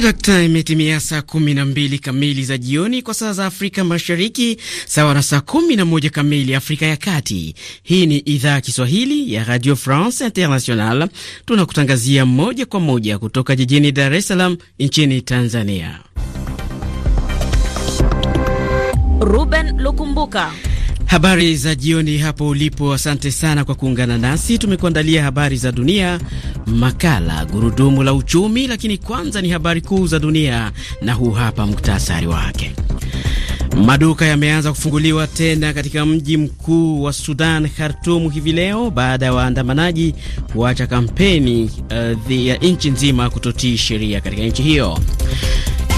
dakta imetimia saa mbili kamili za jioni kwa saa za Afrika Mashariki, sawa na saa moja kamili Afrika ya Kati. Hii ni idhaa ya Kiswahili ya Radio France International, tunakutangazia moja kwa moja kutoka jijini Dar es Salaam nchini Tanzania. Ruben Lukumbuka Habari za jioni hapo ulipo. Asante sana kwa kuungana nasi. Tumekuandalia habari za dunia, makala, gurudumu la uchumi, lakini kwanza ni habari kuu za dunia, na huu hapa muktasari wake. Maduka yameanza kufunguliwa tena katika mji mkuu wa Sudan, Khartum, hivi leo baada ya waandamanaji kuacha kampeni uh, ya nchi nzima kutotii sheria katika nchi hiyo.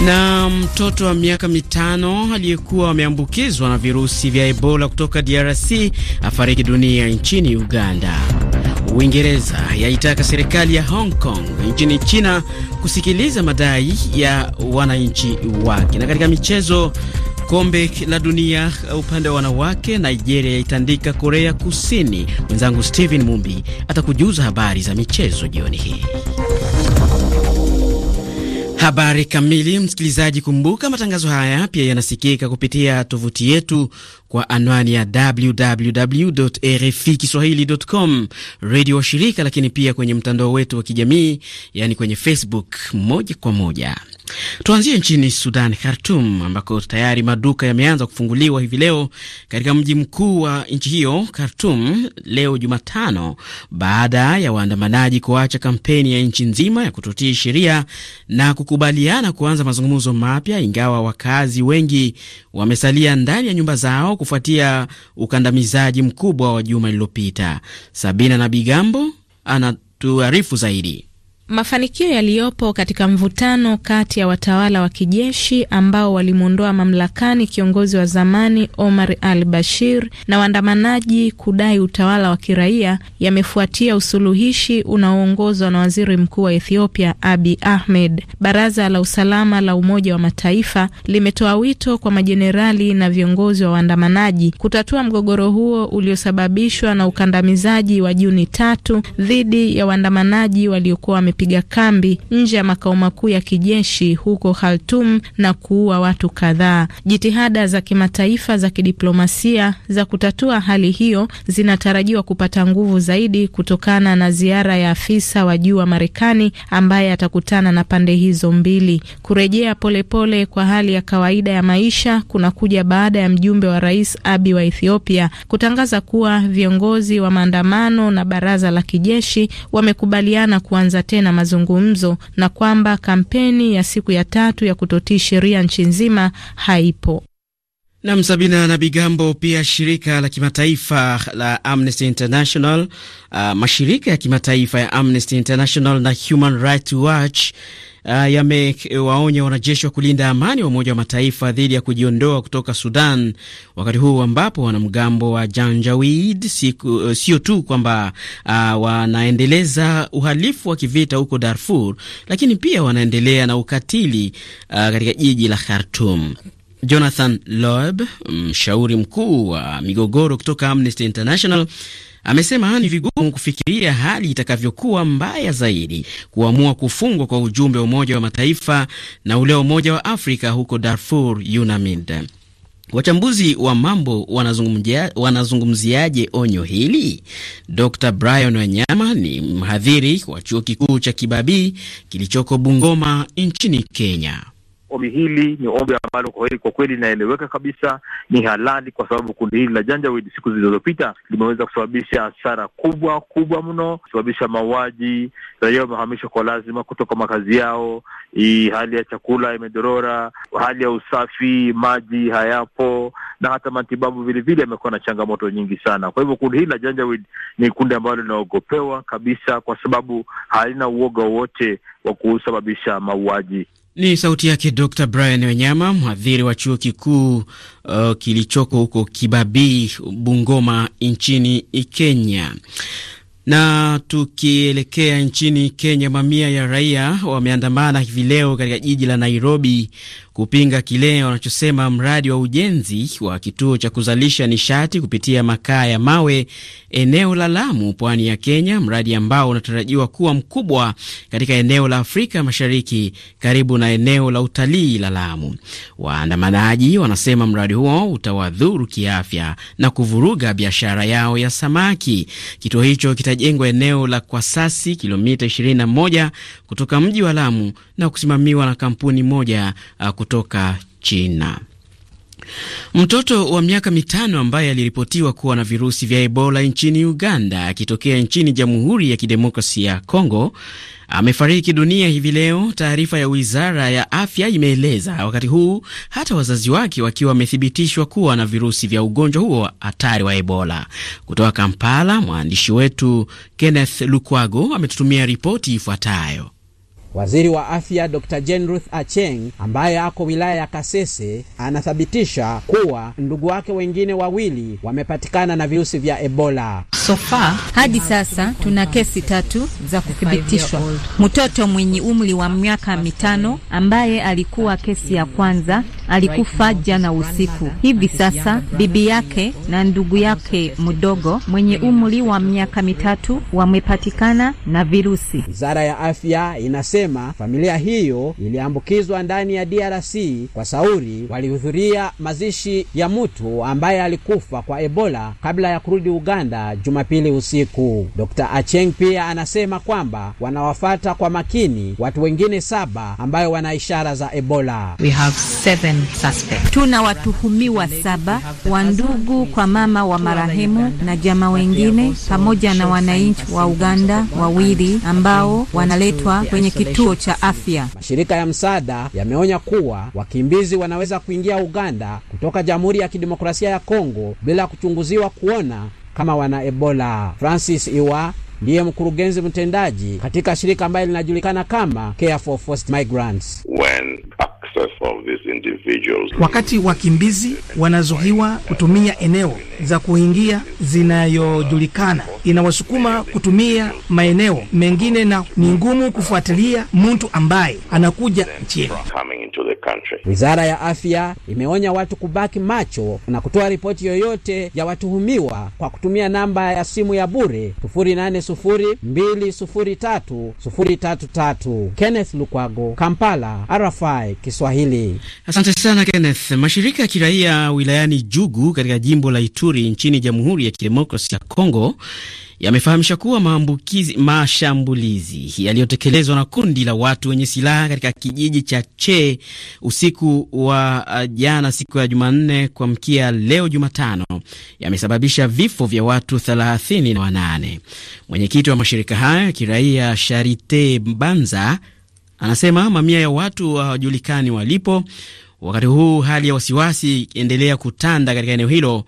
Na mtoto wa miaka mitano aliyekuwa ameambukizwa na virusi vya Ebola kutoka DRC afariki dunia nchini Uganda. Uingereza yaitaka serikali ya Hong Kong nchini China kusikiliza madai ya wananchi wake. Na katika michezo, kombe la dunia uh, upande wa wanawake, Nigeria yaitandika Korea Kusini. Mwenzangu Steven Mumbi atakujuza habari za michezo jioni hii. Habari kamili, msikilizaji, kumbuka matangazo haya pia yanasikika kupitia tovuti yetu kwa anwani ya www RFI kiswahilicom redio wa shirika, lakini pia kwenye mtandao wetu wa kijamii, yaani kwenye Facebook moja kwa moja. Tuanzie nchini Sudan, Khartum, ambako tayari maduka yameanza kufunguliwa hivi leo katika mji mkuu wa nchi hiyo Khartum leo Jumatano, baada ya waandamanaji kuacha kampeni ya nchi nzima ya kutotii sheria na kukubaliana kuanza mazungumzo mapya, ingawa wakazi wengi wamesalia ndani ya nyumba zao kufuatia ukandamizaji mkubwa wa juma lililopita. Sabina na Bigambo anatuarifu zaidi. Mafanikio yaliyopo katika mvutano kati ya watawala wa kijeshi ambao walimwondoa mamlakani kiongozi wa zamani Omar al-Bashir na waandamanaji kudai utawala wa kiraia yamefuatia usuluhishi unaoongozwa na Waziri Mkuu wa Ethiopia abi Ahmed. Baraza la Usalama la Umoja wa Mataifa limetoa wito kwa majenerali na viongozi wa waandamanaji kutatua mgogoro huo uliosababishwa na ukandamizaji wa Juni tatu dhidi ya waandamanaji waliokuwa wakapiga kambi nje ya makao makuu ya kijeshi huko Khartoum na kuua watu kadhaa. Jitihada za kimataifa za kidiplomasia za kutatua hali hiyo zinatarajiwa kupata nguvu zaidi kutokana na ziara ya afisa wa juu wa Marekani ambaye atakutana na pande hizo mbili. Kurejea polepole pole kwa hali ya kawaida ya maisha kunakuja baada ya mjumbe wa Rais Abiy wa Ethiopia kutangaza kuwa viongozi wa maandamano na baraza la kijeshi wamekubaliana kuanza tena na mazungumzo na kwamba kampeni ya siku ya tatu ya kutotii sheria nchi nzima haipo. Nam Sabina na Bigambo. Pia shirika la kimataifa la Amnesty International, uh, mashirika ya kimataifa ya Amnesty International na Human Rights Watch uh, yamewaonya wanajeshi wa kulinda amani wa Umoja wa Mataifa dhidi ya kujiondoa kutoka Sudan, wakati huu ambapo wanamgambo wa Janjawid eh, sio uh, tu kwamba uh, wanaendeleza uhalifu wa kivita huko Darfur, lakini pia wanaendelea na ukatili uh, katika jiji la Khartoum. Jonathan Loeb, mshauri mkuu wa migogoro kutoka Amnesty International Amesema ni vigumu kufikiria hali itakavyokuwa mbaya zaidi kuamua kufungwa kwa ujumbe wa Umoja wa Mataifa na ule wa Umoja wa Afrika huko Darfur UNAMID. Wachambuzi wa mambo wanazungumziaje onyo hili? Dr Brian Wanyama ni mhadhiri wa chuo kikuu cha Kibabii kilichoko Bungoma nchini Kenya ombi hili ni ombi ambalo kwa kweli kwa kweli linaeleweka kabisa, ni halali, kwa sababu kundi hili la Janjaweed siku zilizopita limeweza kusababisha hasara kubwa kubwa mno, kusababisha mauaji, raia wamehamishwa kwa lazima kutoka makazi yao, hali ya chakula imedorora, hali ya usafi, maji hayapo, na hata matibabu vilevile yamekuwa na changamoto nyingi sana. Kwa hivyo kundi hili la Janjaweed ni kundi ambalo linaogopewa kabisa, kwa sababu halina uoga wowote wa kusababisha mauaji. Ni sauti yake Dr Brian wenyama mhadhiri wa chuo kikuu uh, kilichoko huko Kibabii, Bungoma, nchini Kenya. Na tukielekea nchini Kenya, mamia ya raia wameandamana hivi leo katika jiji la Nairobi kupinga kile wanachosema mradi wa ujenzi wa kituo cha kuzalisha nishati kupitia makaa ya mawe eneo la Lamu, pwani ya Kenya, mradi ambao unatarajiwa kuwa mkubwa katika eneo la Afrika Mashariki karibu na eneo la utalii la Lamu. Waandamanaji wanasema mradi huo utawadhuru kiafya na kuvuruga biashara yao ya samaki. Kituo hicho kitajengwa eneo la Kwasasi, kilomita 21 kutoka mji wa Lamu na kusimamiwa na kampuni moja uh, kutoka China. Mtoto wa miaka mitano ambaye aliripotiwa kuwa na virusi vya Ebola nchini Uganda akitokea nchini Jamhuri ya Kidemokrasia ya Kongo amefariki dunia hivi leo, taarifa ya wizara ya afya imeeleza, wakati huu hata wazazi wake wakiwa wamethibitishwa kuwa na virusi vya ugonjwa huo hatari wa Ebola. Kutoka Kampala, mwandishi wetu Kenneth Lukwago ametutumia ripoti ifuatayo. Waziri wa afya Dr. Jane Ruth Acheng ambaye ako wilaya ya Kasese anathibitisha kuwa ndugu wake wengine wawili wamepatikana na virusi vya Ebola. So far, hadi sasa tuna kesi tatu za kuthibitishwa. Mtoto mwenye umri wa miaka mitano ambaye alikuwa kesi ya kwanza alikufa jana usiku. Hivi sasa bibi yake na ndugu yake mdogo mwenye umri wa miaka mitatu wamepatikana na virusi. Wizara ya afya inasema anasema familia hiyo iliambukizwa ndani ya DRC kwa sauri walihudhuria mazishi ya mtu ambaye alikufa kwa Ebola kabla ya kurudi Uganda Jumapili usiku. Dr. Acheng pia anasema kwamba wanawafata kwa makini watu wengine saba ambayo wana ishara za Ebola. We have seven suspects. Tuna watuhumiwa saba wa ndugu kwa mama wa marehemu na jamaa wengine pamoja na wananchi wa Uganda wawili ambao wanaletwa kwenye kitu kituo cha afya. Mashirika ya msaada yameonya kuwa wakimbizi wanaweza kuingia Uganda kutoka Jamhuri ya Kidemokrasia ya Kongo bila kuchunguziwa kuona kama wana Ebola. Francis Iwa ndiye mkurugenzi mtendaji katika shirika ambaye linajulikana kama Care for Migrants When Wakati wakimbizi wanazuiwa kutumia eneo za kuingia zinayojulikana, inawasukuma kutumia maeneo mengine, na ni ngumu kufuatilia mtu ambaye anakuja nchini. Wizara ya Afya imeonya watu kubaki macho na kutoa ripoti yoyote ya watuhumiwa kwa kutumia namba ya simu ya bure 0802030333. Kenneth Lukwago, Kampala, RFI. Kiswahili. Asante sana Kenneth. Mashirika ya kiraia wilayani Jugu katika jimbo la Ituri nchini Jamhuri ya Kidemokrasi ya Kongo yamefahamisha kuwa maambukizi mashambulizi yaliyotekelezwa na kundi la watu wenye silaha katika kijiji cha Che usiku wa uh, jana siku ya Jumanne kuamkia leo Jumatano yamesababisha vifo vya watu thelathini na wanane. Mwenyekiti wa mashirika hayo ya kiraia Sharite Mbanza Anasema mamia ya watu hawajulikani walipo, wakati huu hali ya wasiwasi ikiendelea kutanda katika eneo hilo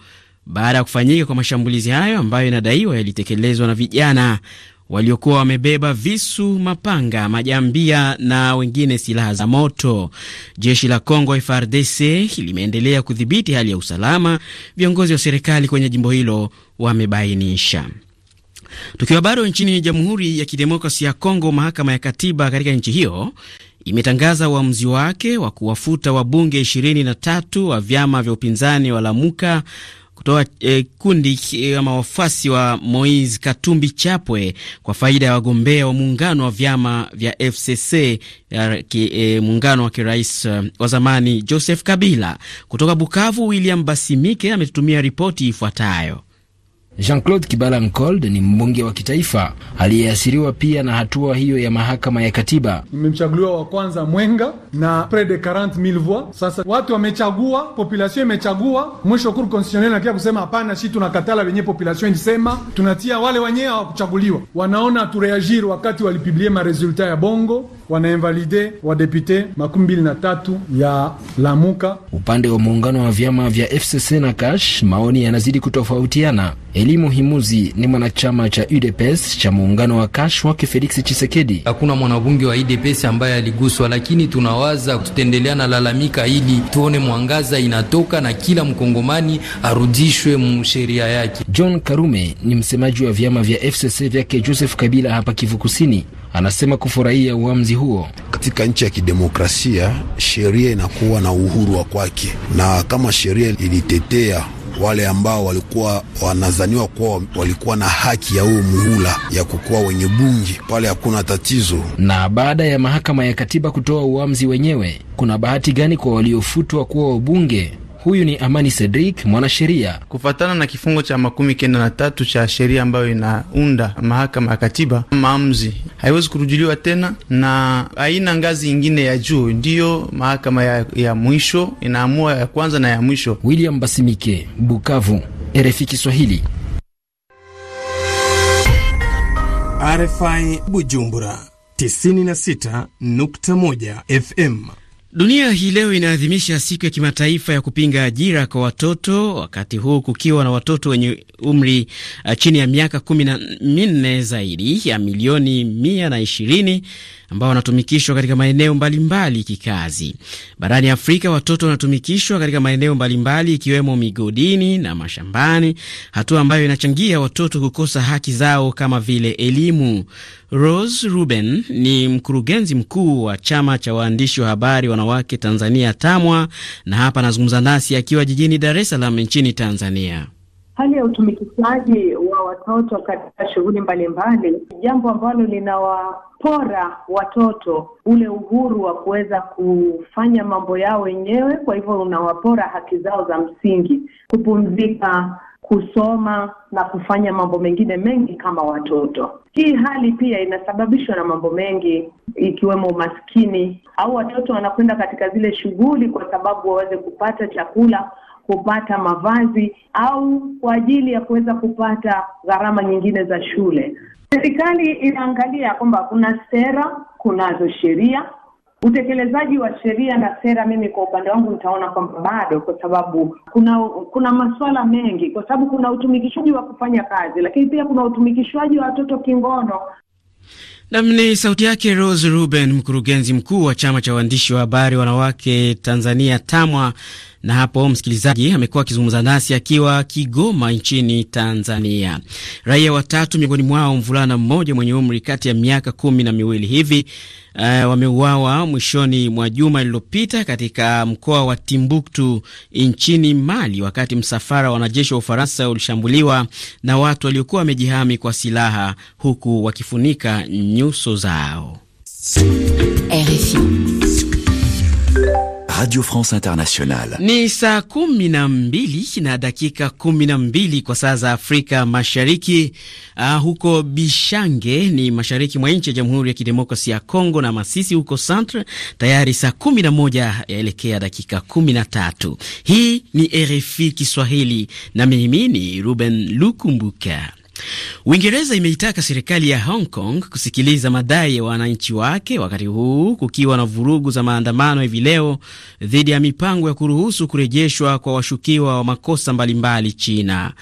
baada ya kufanyika kwa mashambulizi hayo ambayo inadaiwa yalitekelezwa na vijana waliokuwa wamebeba visu, mapanga, majambia na wengine silaha za moto. Jeshi la Congo frdc limeendelea kudhibiti hali ya usalama, viongozi wa serikali kwenye jimbo hilo wamebainisha. Tukiwa bado nchini Jamhuri ya kidemokrasi ya Kongo, mahakama ya katiba katika nchi hiyo imetangaza uamuzi wake wa kuwafuta wabunge 23 wa vyama vya upinzani wa Lamuka kutoa eh, kundi eh, ama wafuasi wa Moise Katumbi Chapwe kwa faida ya wagombea wa muungano wa vyama vya FCC eh, muungano wa kirais eh, wa zamani Joseph Kabila. Kutoka Bukavu, William Basimike ametutumia ripoti ifuatayo. Jean-Claude Kibala Nkold ni mbunge wa kitaifa aliyeasiriwa pia na hatua hiyo ya mahakama ya katiba. Nimemchaguliwa wa kwanza Mwenga na pres de 40000 voix. Sasa watu wamechagua, population imechagua, mwisho Cour constitutionnel nakia kusema hapana, shi tunakatala wenye population ilisema, tunatia wale wenyewe hawakuchaguliwa, wanaona tureagir. Wakati walipiblie maresultat ya bongo, wanainvalide wadepute makumi mbili na tatu ya Lamuka. Upande wa muungano wa vyama vya FCC na Cash, maoni yanazidi kutofautiana. Elimu Himuzi ni mwanachama cha UDPS cha muungano wa Kash wake Felix Chisekedi. Hakuna mwanabunge wa UDPS ambaye aliguswa, lakini tunawaza tutaendelea na lalamika ili tuone mwangaza inatoka na kila mkongomani arudishwe msheria yake. John Karume ni msemaji wa vyama vya FCC vyake Joseph Kabila hapa Kivu Kusini anasema kufurahia uamuzi huo. Katika nchi ya kidemokrasia sheria inakuwa na uhuru wa kwake, na kama sheria ilitetea wale ambao walikuwa wanazaniwa kuwa walikuwa na haki ya huo muhula ya kukuwa wenye bunge pale, hakuna tatizo. Na baada ya mahakama ya katiba kutoa uamuzi wenyewe, kuna bahati gani kwa waliofutwa kuwa wabunge Huyu ni Amani Cedric, mwanasheria. Kufatana na kifungo cha makumi kenda na tatu cha sheria ambayo inaunda mahakama ya katiba, maamuzi haiwezi kurujuliwa tena na haina ngazi ingine ya juu, ndiyo mahakama ya, ya mwisho inaamua ya kwanza na ya mwisho. William Basimike, Bukavu, RFI Kiswahili. RFI Bujumbura 96.1 FM. Dunia hii leo inaadhimisha siku ya kimataifa ya kupinga ajira kwa watoto, wakati huu kukiwa na watoto wenye umri uh, chini ya miaka kumi na minne zaidi ya milioni mia na ishirini ambao wanatumikishwa katika maeneo mbalimbali kikazi. Barani Afrika, watoto wanatumikishwa katika maeneo mbalimbali ikiwemo migodini na mashambani, hatua ambayo inachangia watoto kukosa haki zao kama vile elimu. Rose Ruben ni mkurugenzi mkuu wa chama cha waandishi wa habari wanawake Tanzania TAMWA, na hapa anazungumza nasi akiwa jijini Dar es Salaam nchini Tanzania hali ya utumikishaji wa watoto katika shughuli mbalimbali, jambo ambalo linawapora watoto ule uhuru wa kuweza kufanya mambo yao wenyewe. Kwa hivyo unawapora haki zao za msingi, kupumzika, kusoma na kufanya mambo mengine mengi kama watoto. Hii hali pia inasababishwa na mambo mengi ikiwemo umaskini, au watoto wanakwenda katika zile shughuli kwa sababu waweze kupata chakula kupata mavazi au kwa ajili ya kuweza kupata gharama nyingine za shule. Serikali inaangalia kwamba kuna sera, kunazo sheria utekelezaji wa sheria na sera, mimi kwa upande wangu nitaona kwamba bado, kwa sababu kuna kuna masuala mengi, kwa sababu kuna utumikishaji wa kufanya kazi, lakini pia kuna utumikishwaji wa watoto kingono. Nam ni sauti yake Rose Ruben, mkurugenzi mkuu wa chama cha waandishi wa habari wanawake Tanzania TAMWA na hapo msikilizaji amekuwa akizungumza nasi akiwa Kigoma nchini Tanzania. Raia watatu, miongoni mwao mvulana mmoja mwenye umri kati ya miaka kumi na miwili hivi, uh, wameuawa mwishoni mwa juma lililopita katika mkoa wa Timbuktu nchini Mali, wakati msafara wa wanajeshi wa Ufaransa ulishambuliwa na watu waliokuwa wamejihami kwa silaha huku wakifunika nyuso zao. RFI. Radio France Internationale. Ni saa kumi na mbili na dakika kumi na mbili kwa saa za Afrika Mashariki. Uh, huko Bishange ni mashariki mwa nchi ya Jamhuri ya Kidemokrasi ya Kongo na Masisi huko Centre tayari saa kumi na moja yaelekea dakika kumi na tatu. Hii ni RFI Kiswahili na mimi ni Ruben Lukumbuka. Uingereza imeitaka serikali ya Hong Kong kusikiliza madai ya wananchi wake, wakati huu kukiwa na vurugu za maandamano hivi leo dhidi ya mipango ya kuruhusu kurejeshwa kwa washukiwa wa makosa mbalimbali China.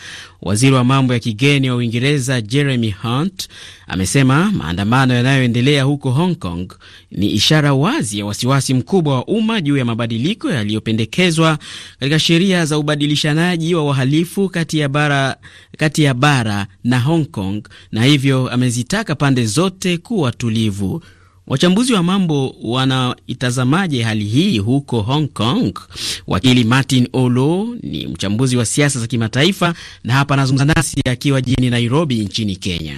Waziri wa mambo ya kigeni wa Uingereza Jeremy Hunt amesema maandamano yanayoendelea huko Hong Kong ni ishara wazi ya wasiwasi mkubwa wa umma juu ya mabadiliko yaliyopendekezwa katika sheria za ubadilishanaji wa wahalifu kati ya bara, kati ya bara na Hong Kong na hivyo amezitaka pande zote kuwa tulivu. Wachambuzi wa mambo wanaitazamaje hali hii huko Hong Kong? Wakili Martin Olo ni mchambuzi wa siasa za kimataifa na hapa anazungumza nasi akiwa jijini Nairobi nchini Kenya.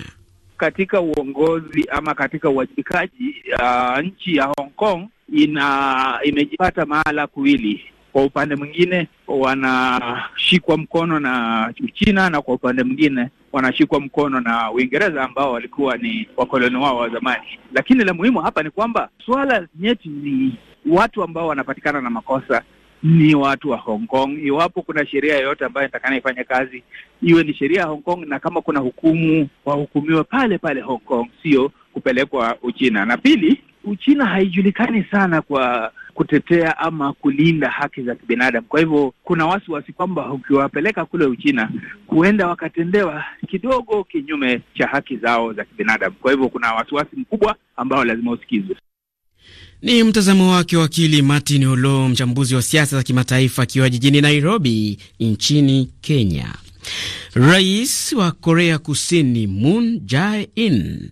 Katika uongozi ama katika uwajibikaji, uh, nchi ya Hong Kong ina imejipata mahala kuwili. Kwa upande mwingine wanashikwa mkono na Uchina na kwa upande mwingine wanashikwa mkono na Uingereza ambao walikuwa ni wakoloni wao wa zamani. Lakini la muhimu hapa ni kwamba swala nyeti ni watu ambao wanapatikana na makosa ni watu wa Hong Kong. Iwapo kuna sheria yoyote ambayo inatakana ifanye kazi, iwe ni sheria ya Hong Kong, na kama kuna hukumu, wahukumiwe pale pale Hong Kong, sio kupelekwa Uchina. Na pili, Uchina haijulikani sana kwa kutetea ama kulinda haki za kibinadamu. Kwa hivyo kuna wasiwasi kwamba ukiwapeleka kule Uchina huenda wakatendewa kidogo kinyume cha haki zao za kibinadamu. Kwa hivyo kuna wasiwasi mkubwa ambao lazima usikizwe. Ni mtazamo wake wakili Martin Olo, mchambuzi wa siasa za kimataifa akiwa jijini Nairobi nchini Kenya. Rais wa Korea Kusini Moon Jae-in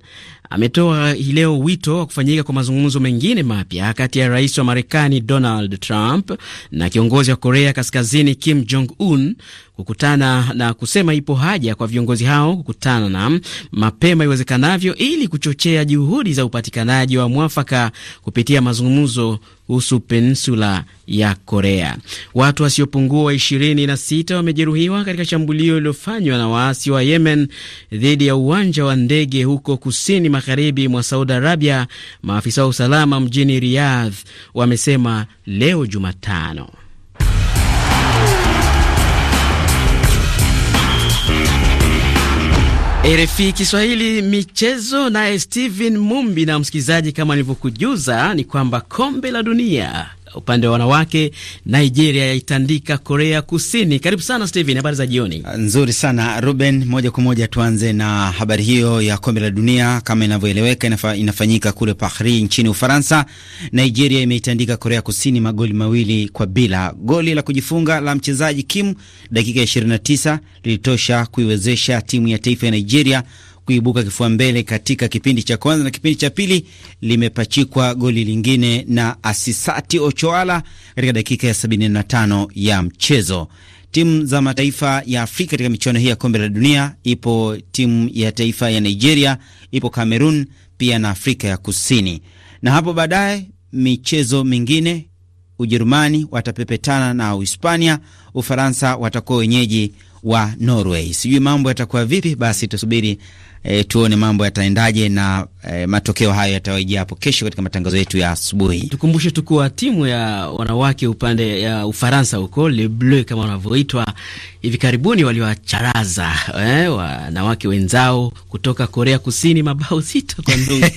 ametoa hii leo wito wa kufanyika kwa mazungumzo mengine mapya kati ya rais wa Marekani Donald Trump na kiongozi wa Korea Kaskazini Kim Jong Un kukutana na kusema ipo haja kwa viongozi hao kukutana na mapema iwezekanavyo ili kuchochea juhudi za upatikanaji wa mwafaka kupitia mazungumzo kuhusu peninsula ya Korea. Watu wasiopungua sita wamejeruhiwa katika shambulio lililofanywa na waasi wa Yemen dhidi ya uwanja wa ndege huko kusini magharibi mwa Saudi Arabia, maafisa wa usalama mjini Riyadh wamesema leo Jumatano. RFI Kiswahili michezo, naye Steven Mumbi. Na msikilizaji, kama nilivyokujuza ni kwamba kombe la dunia Upande wa wanawake Nigeria yaitandika Korea Kusini. Karibu sana Steven, habari za jioni. Ah, nzuri sana Ruben, moja kwa moja tuanze na habari hiyo ya kombe la dunia. Kama inavyoeleweka, inafa, inafanyika kule Paris nchini Ufaransa. Nigeria imeitandika Korea Kusini magoli mawili kwa bila. Goli la kujifunga la mchezaji Kim dakika ya 29 lilitosha kuiwezesha timu ya taifa ya Nigeria kuibuka kifua mbele katika kipindi cha kwanza na kipindi cha pili limepachikwa goli lingine na Asisati Ochoala katika dakika ya 75 ya mchezo. Timu za mataifa ya Afrika katika michuano hii ya kombe la dunia, ipo timu ya taifa ya Nigeria, ipo Cameroon pia na Afrika ya Kusini, na hapo baadaye michezo mingine Ujerumani watapepetana na Uhispania, Ufaransa watakuwa wenyeji wa Norway. Sijui mambo yatakuwa vipi, basi tusubiri E, tuone mambo yataendaje na e, matokeo hayo yatawaijia hapo kesho katika matangazo yetu ya asubuhi. Tukumbushe tu kuwa timu ya wanawake upande ya Ufaransa huko Le Bleu kama wanavyoitwa hivi karibuni waliwacharaza eh, wanawake wenzao kutoka Korea Kusini mabao sita kwa ndugu. Kwa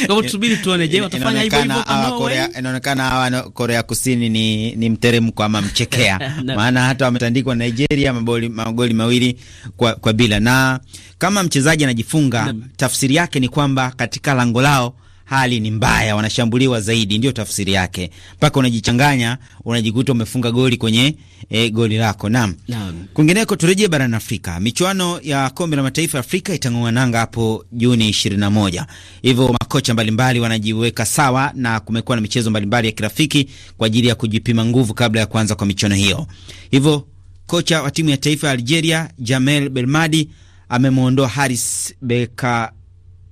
hivyo tusubiri tuone, je, watafanya hivyo hivyo kama Korea? Inaonekana hawa Korea Kusini ni, ni mteremko ama mchekea maana hata wametandikwa Nigeria magoli mawili kwa, kwa bila na kama mchezaji anajifunga, tafsiri yake ni kwamba katika lango lao hali ni mbaya, wanashambuliwa zaidi, ndio tafsiri yake. Mpaka unajichanganya unajikuta umefunga goli kwenye e, goli lako. Naam, naam. Kwingineko turejee barani Afrika, michuano ya kombe la mataifa ya Afrika itang'oa nanga hapo Juni 21, hivyo makocha mbalimbali wanajiweka sawa na kumekuwa na michezo mbalimbali ya kirafiki kwa ajili ya kujipima nguvu kabla ya kuanza kwa michuano hiyo. Hivyo kocha wa timu ya taifa ya Algeria Jamel Belmadi amemwondoa Haris Beka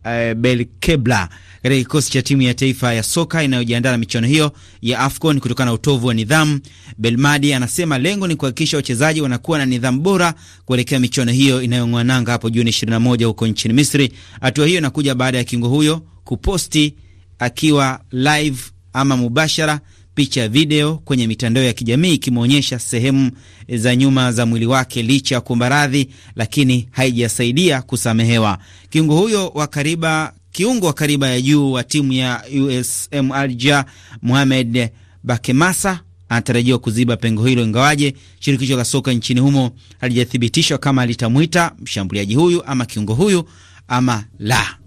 Uh, Belkebla katika kikosi cha timu ya taifa ya soka inayojiandaa na michuano hiyo ya AFCON kutokana na utovu wa nidhamu. Belmadi anasema lengo ni kuhakikisha wachezaji wanakuwa na nidhamu bora kuelekea michuano hiyo inayong'wananga hapo Juni 21 huko nchini Misri. Hatua hiyo inakuja baada ya kiungo huyo kuposti akiwa live ama mubashara picha ya video kwenye mitandao ya kijamii ikimwonyesha sehemu za nyuma za mwili wake licha ya kuomba radhi, lakini haijasaidia kusamehewa. Kiungo huyo wa kariba, kiungo wa kariba ya juu wa timu ya USM Alger Mohamed Bakemasa anatarajiwa kuziba pengo hilo, ingawaje shirikisho la soka nchini humo halijathibitishwa kama litamwita mshambuliaji huyu ama kiungo huyu ama la.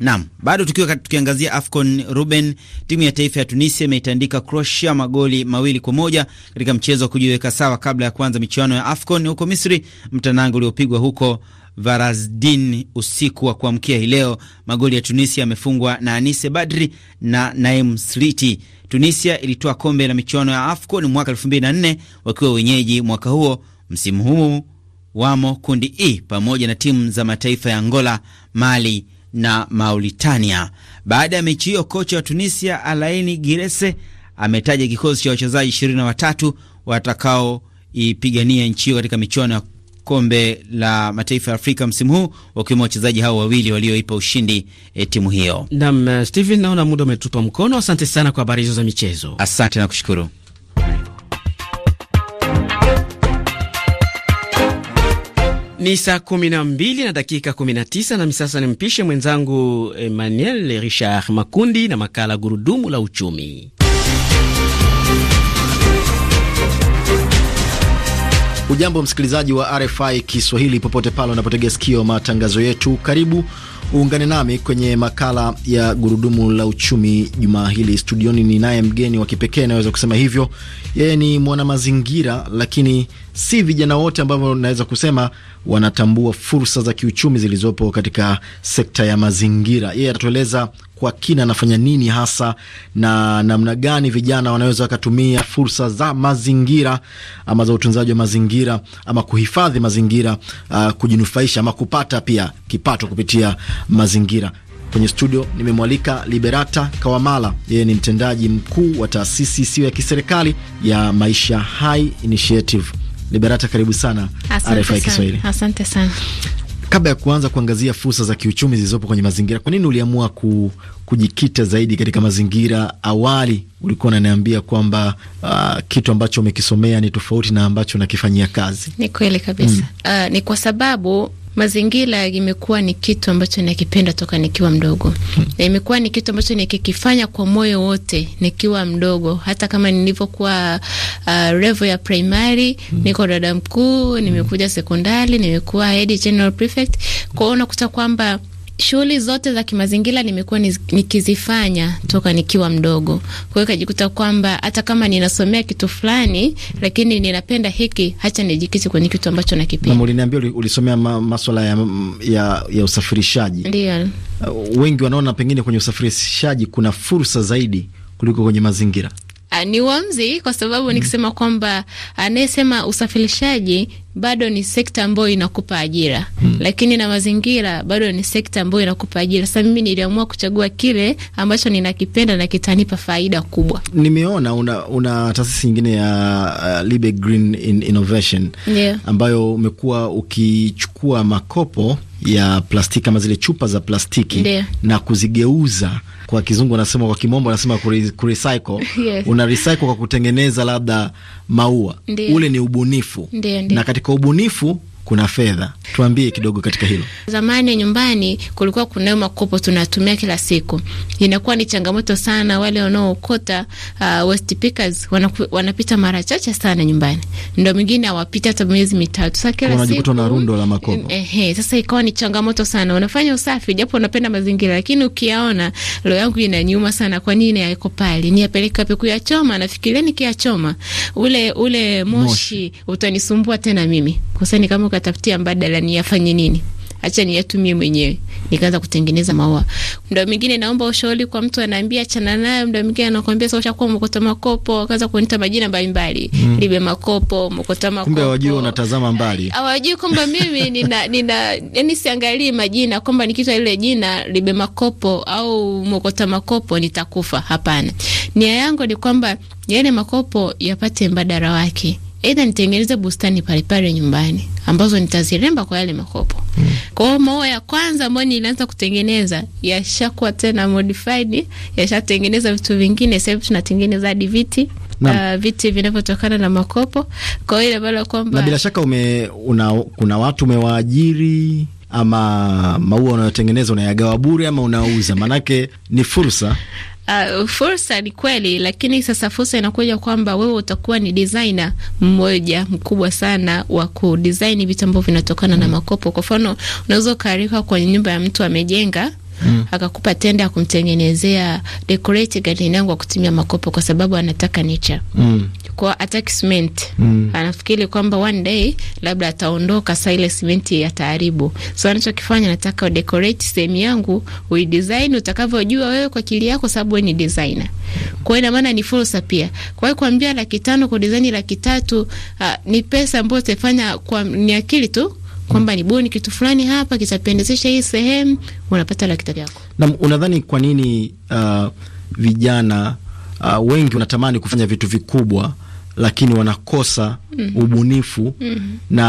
Naam, bado tukiwa tukiangazia AFCON Ruben, timu ya taifa ya Tunisia imeitandika Croatia magoli mawili kwa moja katika mchezo wa kujiweka sawa kabla ya kuanza michuano ya AFCON huko Misri, mtanango uliopigwa huko Varazdin usiku wa kuamkia hii leo. Magoli ya Tunisia yamefungwa na Anise Badri na Naim Sliti. Tunisia ilitoa kombe la michuano ya AFCON mwaka 2004 wakiwa wenyeji mwaka huo. Msimu huu wamo kundi E pamoja na timu za mataifa ya Angola, Mali na Mauritania. Baada ya mechi hiyo, kocha wa Tunisia Alaini girese ametaja kikosi cha wachezaji 23 watakaoipigania nchi hiyo katika michuano ya kombe la mataifa ya Afrika msimu huu wakiwemo wachezaji hao wawili walioipa ushindi e, timu hiyo. Naam, eh, Steven, naona muda umetupa mkono. Asante sana kwa habari hizo za michezo. Asante na kushukuru. Ni saa kumi na mbili na dakika kumi na tisa nami sasa nimpishe mwenzangu Emmanuel Richard Makundi na makala Gurudumu la Uchumi. Ujambo msikilizaji wa RFI Kiswahili popote pale unapotegea sikio matangazo yetu, karibu uungane nami kwenye makala ya gurudumu la uchumi jumaa hili. Studioni ni naye mgeni wa kipekee, naweza kusema hivyo. Yeye ni mwanamazingira lakini si vijana wote ambavyo naweza kusema wanatambua fursa za kiuchumi zilizopo katika sekta ya mazingira. Yeye atatueleza kwa kina anafanya nini hasa na namna gani vijana wanaweza wakatumia fursa za mazingira ama za utunzaji wa mazingira ama kuhifadhi mazingira, uh, kujinufaisha ama kupata pia kipato kupitia mazingira. Kwenye studio nimemwalika Liberata Kawamala, yeye ni mtendaji mkuu wa taasisi isiyo ya kiserikali ya Maisha Hai Initiative. Liberata, karibu sana RFI Kiswahili. Asante sana. Kabla ya kuanza kuangazia fursa za kiuchumi zilizopo kwenye mazingira, kwa nini uliamua ku, kujikita zaidi katika mazingira? Awali ulikuwa unaniambia kwamba uh, kitu ambacho umekisomea ni tofauti na ambacho unakifanyia kazi. Ni kweli kabisa. Mm. Uh, ni kwa sababu mazingira imekuwa ni kitu ambacho nakipenda toka nikiwa mdogo hmm. na imekuwa ni kitu ambacho nikikifanya kwa moyo wote nikiwa mdogo, hata kama nilivyokuwa uh, level ya primary hmm. niko dada mkuu, nimekuja sekondari, nimekuwa head general prefect, kwa unakuta kwamba shughuli zote za kimazingira nimekuwa nikizifanya toka nikiwa mdogo. Kwa hiyo kajikuta kwamba hata kama ninasomea kitu fulani, lakini ninapenda hiki, hacha nijikite kwenye kitu ambacho nakipenda. Na uliniambia ulisomea ma, maswala ya, ya, ya usafirishaji. Ndio uh, wengi wanaona pengine kwenye usafirishaji kuna fursa zaidi kuliko kwenye mazingira uh, ni wamzi kwa sababu mm, nikisema kwamba anayesema usafirishaji bado ni sekta ambayo inakupa ajira mm, lakini na mazingira bado ni sekta ambayo inakupa ajira. Sasa mimi niliamua kuchagua kile ambacho ninakipenda na kitanipa faida kubwa. Nimeona una, una taasisi nyingine ya uh, Libe Green in Innovation yeah, ambayo umekuwa ukichukua makopo ya plastiki ama zile chupa za plastiki yeah, na kuzigeuza kwa kizungu wanasema, kwa kimombo wanasema kure, kurecycle yes. Una recycle kwa kutengeneza labda maua. Ndiyo. Ule ni ubunifu. Ndiyo, ndiyo. Na katika ubunifu kuna fedha. Tuambie kidogo katika hilo. Zamani nyumbani kulikuwa kunayo makopo tunatumia kila siku, inakuwa ni changamoto sana. Wale wanaookota uh, waste pickers wanaku, wanapita mara chache sana nyumbani, ndio mwingine awapita hata miezi mitatu. Sasa kila siku na rundo la makopo ehe. Eh, sasa ikawa ni changamoto sana, unafanya usafi japo unapenda mazingira, lakini ukiyaona roho yangu inanyuma sana. Kwa nini yako pale? Ni yapeleka pe kuyachoma? Nafikiria nikiyachoma ule ule moshi, moshi utanisumbua tena mimi kusani kama atafutia mbadala, ni yafanye nini? Acha niyatumie mwenyewe. Nikaanza kutengeneza maua. Mda mwingine naomba ushauri kwa mtu, anaambia achana nayo. Mda mwingine anakwambia sasa ushakuwa mokota makopo, akaanza kuniita majina mbalimbali mm. libe makopo, mokota makopo. Kumbe hawajui unatazama mbali, hawajui kwamba mimi nina nina yani, siangalii majina kwamba nikiitwa ile jina libe makopo au mokota makopo nitakufa. Hapana, nia yangu ni kwamba yale makopo yapate mbadala wake aidha nitengeneze bustani pale nyumbani ambazo nitaziremba kwa yale makopo. Mm. Kwa hiyo maua ya kwanza ambayo nilianza kutengeneza yashakuwa tena modified, yashatengeneza vitu vingine. Sasa hivi tunatengeneza hadi viti na uh, viti vinavyotokana na makopo. Kwa hiyo ile bado kwamba, na bila shaka ume, una, kuna watu umewaajiri ama maua unayotengeneza unayagawa bure ama unauza? Maanake ni fursa Uh, fursa ni kweli, lakini sasa fursa inakuja kwamba wewe utakuwa ni designer mmoja mkubwa sana wa ku vitu ambavyo vinatokana na mm. makopo. Kwa mfano, unaweza ukaarika kwenye nyumba ya mtu amejenga mm. akakupa tenda ya kumtengenezea decorate garden yangu kwa kutumia makopo, kwa sababu anataka nature mm. kwa hataki cement mm. anafikiri kwamba one day labda ataondoka sasa ile cement yataharibu. So anachokifanya nataka decorate sehemu yangu, we design utakavyojua wewe kwa akili yako, sababu wewe ni designer. Kwa ina maana ni fursa pia. Kwa hiyo kuambia laki tano kudesign laki tatu uh, ni pesa ambayo utafanya kwa ni akili tu kwamba ni boni kitu fulani hapa kitapendezesha hii sehemu, unapata laki tatu yako. Na unadhani kwa nini uh, vijana uh, wengi wanatamani kufanya vitu vikubwa lakini wanakosa mm -hmm. ubunifu mm -hmm. na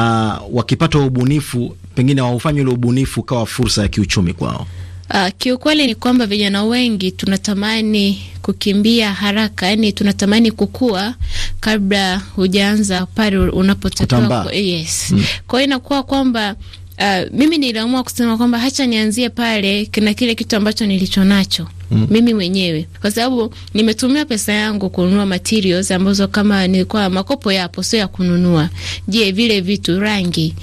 wakipata ubunifu pengine waufanye ule ubunifu kawa fursa ya kiuchumi kwao. Uh, kiukweli ni kwamba vijana wengi tunatamani kukimbia haraka, yani tunatamani kukua kabla hujaanza pale unapotakiwa. Yes. Mm. Kwa hiyo inakuwa kwamba uh, mimi niliamua kusema kwamba hacha nianzie pale kina kile kitu ambacho nilichonacho Mm. Mimi mwenyewe kwa sababu nimetumia pesa yangu kununua materials ambazo kama nilikuwa makopo yapo sio ya kununua. Je, vile vitu rangi,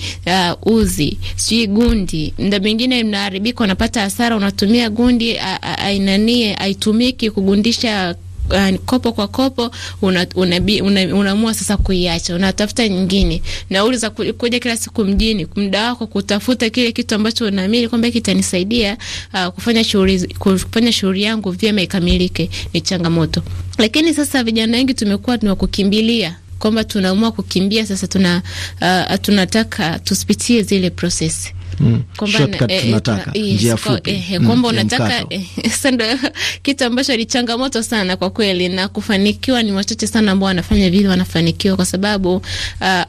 uh, uzi, sijui gundi, muda mingine mnaharibika, unapata hasara, unatumia gundi ainanie aitumiki kugundisha uh, kopo kwa kopo unaamua una, una, una, sasa kuiacha, unatafuta nyingine. Nauli za kuja kila siku mjini, muda wako kutafuta kile kitu ambacho unaamini kwamba kitanisaidia uh, kufanya shughuli kufanya shughuli yangu vyema ikamilike ni changamoto. Lakini sasa vijana wengi tumekuwa wakukimbilia kwamba tunaamua kukimbia sasa, tuna uh, tunataka tusipitie zile prosesi mm. kwamba eh, tunataka eh, njia fupi eh, eh, kwamba mm, unataka eh, sasa kitu ambacho ni changamoto sana kwa kweli, na kufanikiwa ni wachache sana ambao wanafanya vile wanafanikiwa, kwa sababu uh,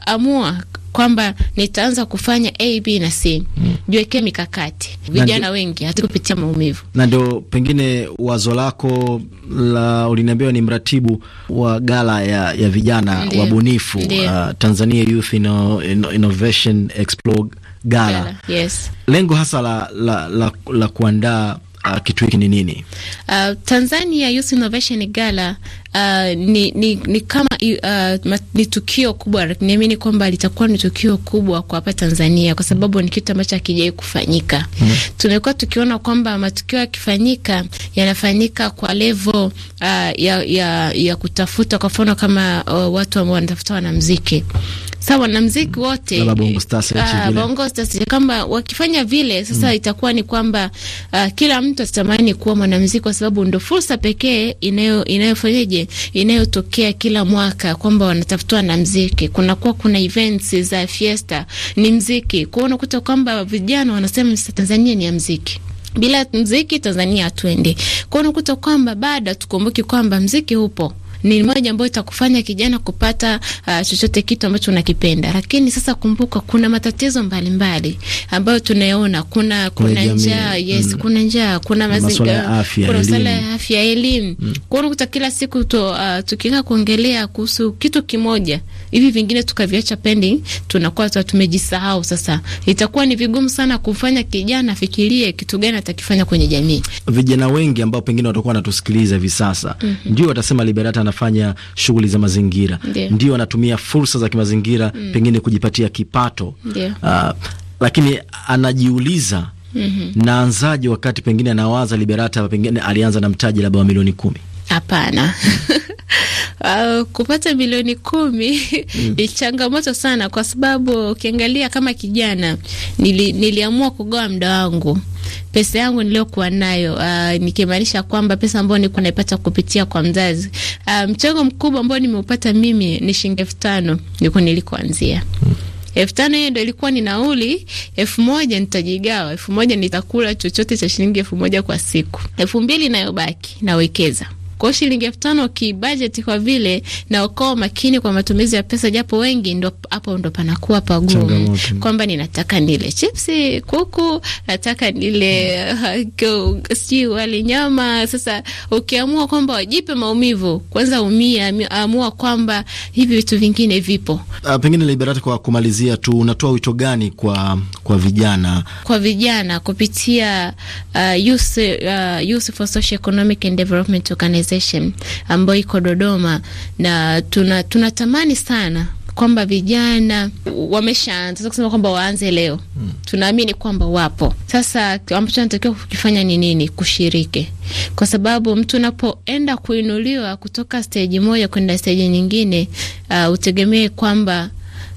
amua kwamba nitaanza kufanya A, B na C mm. Jiwekee mikakati. Vijana wengi hatukupitia maumivu, na ndio pengine wazo lako la uliniambia ni mratibu wa gala ya, ya vijana wabunifu uh, Tanzania Youth Inno, Inno, Innovation Explore gala, Yes. Lengo hasa la, la, la, la kuandaa Uh, kitu hiki ni nini? Uh, Tanzania Youth Innovation Gala uh, ni, ni, ni kama uh, ni tukio kubwa, niamini kwamba litakuwa ni tukio kubwa kwa hapa Tanzania kwa sababu ni kitu ambacho hakijai kufanyika. Mm -hmm. Tumekuwa tukiona kwamba matukio yakifanyika yanafanyika kwa levo uh, ya, ya, ya kutafuta kwa mfano kama uh, watu ambao wanatafuta wanamuziki sawa na mziki mm. wote Bongo Stars uh, ah, kama wakifanya vile sasa mm. itakuwa ni kwamba uh, kila mtu atatamani kuwa mwanamziki kwa sababu ndo fursa pekee inayo inayofanyaje inayotokea kila mwaka kwamba wanatafutwa na mziki. Kuna kuwa kuna events za fiesta ni mziki, kwa unakuta kwamba vijana wanasema sasa Tanzania ni ya mziki bila mziki Tanzania hatuende. Kwa unakuta kwamba baada tukumbuki kwamba mziki upo ni moja ambayo itakufanya kijana kupata uh, chochote uh, kitu ambacho unakipenda. Lakini sasa kumbuka, kuna matatizo mbalimbali ambayo tunayaona. Kuna kuna njaa, yes, mm. kuna njaa, kuna mazingira, uh, kuna masuala ya afya, elimu. Mm. Kwa unakuta kila siku to, uh, tukika kuongelea kuhusu kitu kimoja, hivi vingine tukaviacha pending, tunakuwa tu tumejisahau. Sasa itakuwa ni vigumu sana kufanya kijana afikirie kitu gani atakifanya kwenye jamii. Vijana wengi ambao pengine watakuwa wanatusikiliza hivi sasa, mm -hmm. ndio watasema Liberata anafanya shughuli za mazingira Ndio anatumia fursa za kimazingira mm. pengine kujipatia kipato uh, lakini anajiuliza mm -hmm. naanzaje wakati pengine anawaza Liberata pengine alianza na mtaji labda wa milioni kumi Hapana. Uh, kupata milioni kumi mm. ni mm. changamoto sana, kwa sababu ukiangalia kama kijana nili, niliamua kugawa muda wangu pesa yangu niliyokuwa nayo uh, nikimaanisha kwamba pesa ambayo nilikuwa naipata kupitia kwa mzazi uh, mchango mkubwa ambao nimeupata mimi ni shilingi elfu tano niko nilikoanzia mm. Elfu tano hiyo ndo ilikuwa ni nauli. Elfu moja nitajigawa, elfu moja nitakula chochote cha shilingi elfu moja kwa siku, elfu mbili inayobaki nawekeza kwa hiyo shilingi elfu tano kibajeti, kwa vile naokoa makini kwa matumizi ya pesa, japo wengi ndo hapo ndo panakuwa pagumu, kwamba ninataka nile chipsi kuku, nataka nile mm. sijui wali nyama. Sasa ukiamua kwamba wajipe maumivu, kwanza umia, amua kwamba hivi vitu vingine vipo. A, ah, pengine Liberata, kwa kumalizia tu, unatoa wito gani kwa kwa vijana kwa vijana kupitia uh, Youth, uh, Youth for Socio and Development Organization Session ambayo iko Dodoma, na tuna tunatamani sana kwamba vijana wameshaanza kusema kwamba waanze leo hmm. Tunaamini kwamba wapo sasa. Ambacho anatakiwa kukifanya ni nini? Kushiriki, kwa sababu mtu unapoenda kuinuliwa kutoka steji moja kwenda steji nyingine, uh, utegemee kwamba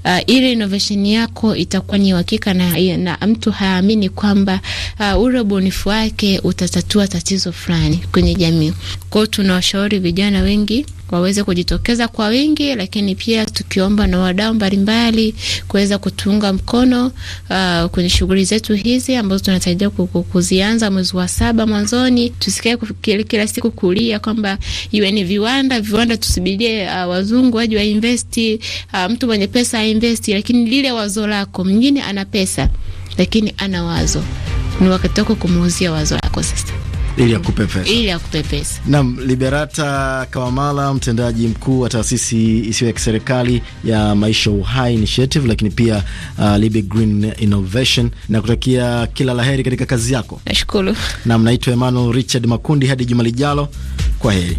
uh, ile innovation yako itakuwa ni uhakika na, na mtu haamini kwamba uh, ule ubunifu wake utatatua tatizo fulani kwenye jamii. Kwao tunawashauri vijana wengi waweze kujitokeza kwa wingi, lakini pia tukiomba na wadau mbalimbali kuweza kutuunga mkono uh, kwenye shughuli zetu hizi ambazo tunatarajia kuzianza mwezi wa saba mwanzoni. Tusikae kila siku kulia kwamba iwe ni viwanda viwanda, tusubirie uh, wazungu waje wainvesti, uh, mtu mwenye pesa ainvesti, lakini lile wazo lako, mwingine ana pesa lakini ana wazo, ni wakati wako kumuuzia wazo lako sasa ili akupe pesa, ili akupe pesa. Naam, Liberata Kawamala, mtendaji mkuu wa taasisi isiyo ya kiserikali ya Maisha Uhai Initiative, lakini pia uh, Libe Green Innovation, na kutakia kila laheri katika kazi yako. Nashukuru. Naam, naitwa Emmanuel Richard Makundi, hadi juma lijalo, kwa heri.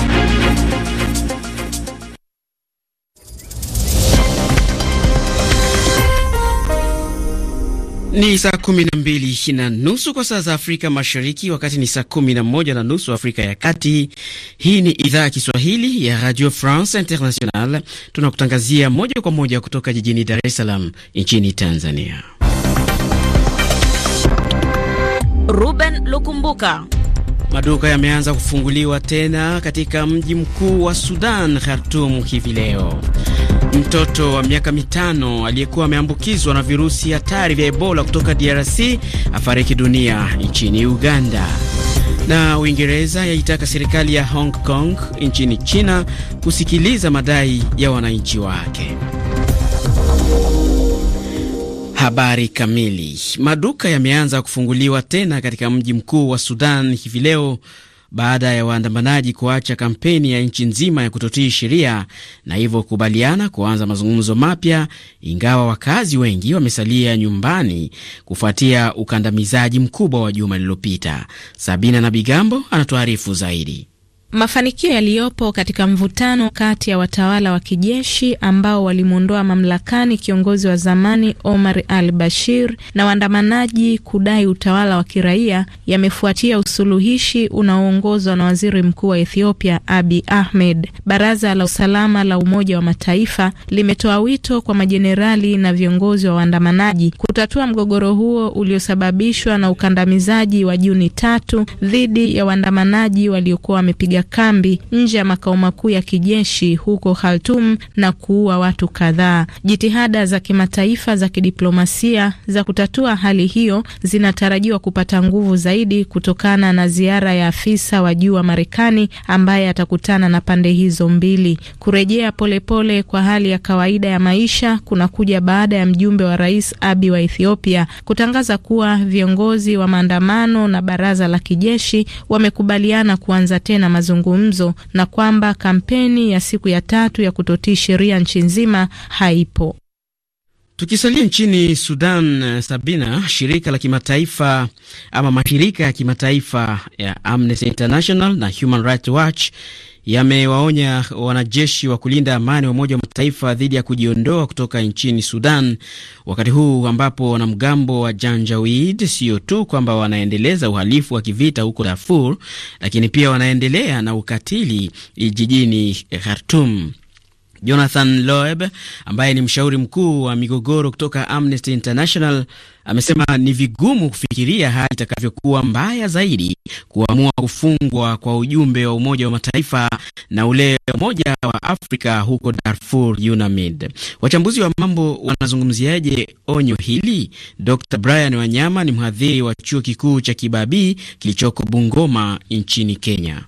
Ni saa kumi na mbili na nusu kwa saa za Afrika Mashariki, wakati ni saa kumi na moja na nusu Afrika ya Kati. Hii ni idhaa ya Kiswahili ya Radio France International, tunakutangazia moja kwa moja kutoka jijini Dar es Salaam nchini Tanzania. Ruben Lukumbuka Maduka yameanza kufunguliwa tena katika mji mkuu wa Sudan, khartum hivi leo. Mtoto wa miaka mitano aliyekuwa ameambukizwa na virusi hatari vya Ebola kutoka DRC afariki dunia nchini Uganda. Na Uingereza yaitaka serikali ya Hong Kong nchini China kusikiliza madai ya wananchi wake. Habari kamili. Maduka yameanza kufunguliwa tena katika mji mkuu wa Sudan hivi leo baada ya waandamanaji kuacha kampeni ya nchi nzima ya kutotii sheria na hivyo kukubaliana kuanza mazungumzo mapya, ingawa wakazi wengi wamesalia nyumbani kufuatia ukandamizaji mkubwa wa juma lililopita. Sabina na Bigambo anatuarifu zaidi. Mafanikio yaliyopo katika mvutano kati ya watawala wa kijeshi ambao walimwondoa mamlakani kiongozi wa zamani Omar al-Bashir na waandamanaji kudai utawala wa kiraia yamefuatia usuluhishi unaoongozwa na Waziri Mkuu wa Ethiopia abi Ahmed. Baraza la Usalama la Umoja wa Mataifa limetoa wito kwa majenerali na viongozi wa waandamanaji kutatua mgogoro huo uliosababishwa na ukandamizaji wa Juni tatu dhidi ya waandamanaji waliokuwa wamepiga kupiga kambi nje ya makao makuu ya kijeshi huko Khartoum na kuua watu kadhaa. Jitihada za kimataifa za kidiplomasia za kutatua hali hiyo zinatarajiwa kupata nguvu zaidi kutokana na ziara ya afisa wa juu wa Marekani ambaye atakutana na pande hizo mbili. Kurejea polepole pole kwa hali ya kawaida ya maisha kunakuja baada ya mjumbe wa Rais abi wa Ethiopia kutangaza kuwa viongozi wa maandamano na baraza la kijeshi wamekubaliana kuanza tena mazo mazungumzo na kwamba kampeni ya siku ya tatu ya kutotii sheria nchi nzima haipo. Tukisalia nchini Sudan, Sabina, shirika la kimataifa ama mashirika ya kimataifa ya Amnesty International na Human Rights Watch yamewaonya wanajeshi wa kulinda amani wa Umoja wa Mataifa dhidi ya kujiondoa kutoka nchini Sudan, wakati huu ambapo wanamgambo wa Janjaweed sio tu kwamba wanaendeleza uhalifu wa kivita huko Darfur, lakini pia wanaendelea na ukatili jijini Khartoum. Jonathan Loeb ambaye ni mshauri mkuu wa migogoro kutoka Amnesty International amesema ni vigumu kufikiria hali itakavyokuwa mbaya zaidi kuamua kufungwa kwa ujumbe wa Umoja wa Mataifa na ule Umoja wa Afrika huko Darfur UNAMID. Wachambuzi wa mambo wanazungumziaje onyo hili? Dr Brian Wanyama ni mhadhiri wa chuo kikuu cha Kibabii kilichoko Bungoma nchini Kenya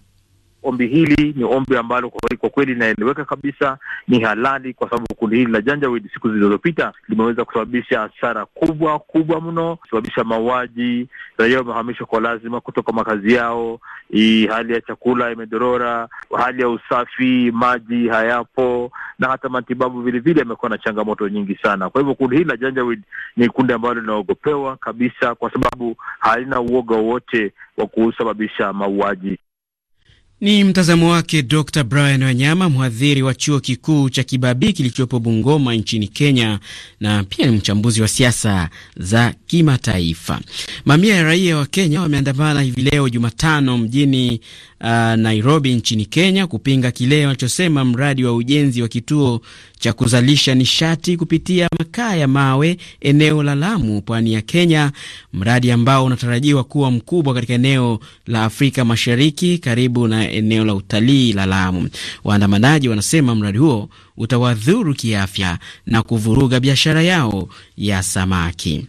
ombi hili ni ombi ambalo kwa kweli linaeleweka kabisa, ni halali, kwa sababu kundi hili la Janjaweed siku zilizopita limeweza kusababisha hasara kubwa kubwa mno, kusababisha mauaji, raia wamehamishwa kwa lazima kutoka makazi yao, hali ya chakula imedorora, hali ya usafi, maji hayapo, na hata matibabu vilevile yamekuwa na changamoto nyingi sana. Kwa hivyo kundi hili la Janjaweed ni kundi ambalo linaogopewa kabisa, kwa sababu halina uoga wowote wa kusababisha mauaji. Ni mtazamo wake Dr Brian Wanyama, mhadhiri wa chuo kikuu cha Kibabii kilichopo Bungoma nchini Kenya, na pia ni mchambuzi wa siasa za kimataifa. Mamia ya raia wa Kenya wameandamana hivi leo Jumatano mjini uh, Nairobi nchini Kenya kupinga kile wanachosema mradi wa ujenzi wa kituo cha kuzalisha nishati kupitia makaa ya mawe eneo la Lamu, pwani ya Kenya, mradi ambao unatarajiwa kuwa mkubwa katika eneo la Afrika Mashariki karibu na eneo la utalii la Lamu. Waandamanaji wanasema mradi huo utawadhuru kiafya na kuvuruga biashara yao ya samaki.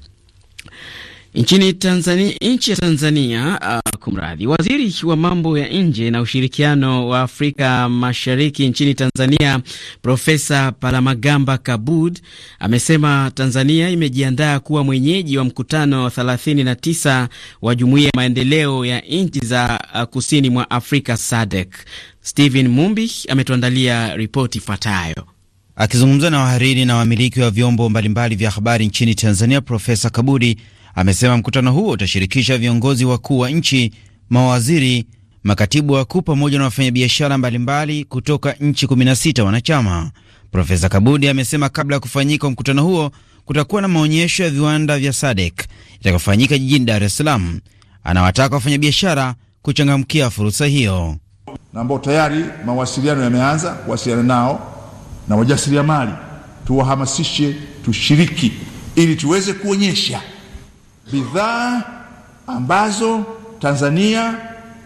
Nchini Tanzania, nchi ya Tanzania uh, ah, kumradhi, waziri wa mambo ya nje na ushirikiano wa Afrika Mashariki nchini Tanzania, Profesa Palamagamba Kabud amesema Tanzania imejiandaa kuwa mwenyeji wa mkutano wa 39 wa Jumuiya ya Maendeleo ya Nchi za ah, Kusini mwa Afrika SADC. Stephen Mumbi ametuandalia ripoti ifuatayo. Akizungumza na wahariri na wamiliki wa vyombo mbalimbali vya habari nchini Tanzania, Profesa Kabudi amesema mkutano huo utashirikisha viongozi wakuu wa nchi, mawaziri, makatibu wakuu pamoja na wafanyabiashara mbalimbali kutoka nchi 16 wanachama. Profesa Kabudi amesema kabla ya kufanyika mkutano huo kutakuwa na maonyesho ya viwanda vya SADC itakayofanyika jijini Dar es Salaam. Anawataka wafanyabiashara kuchangamkia fursa hiyo, na ambao tayari mawasiliano yameanza kuwasiliana nao na wajasiriamali, tuwahamasishe tushiriki, ili tuweze kuonyesha bidhaa ambazo Tanzania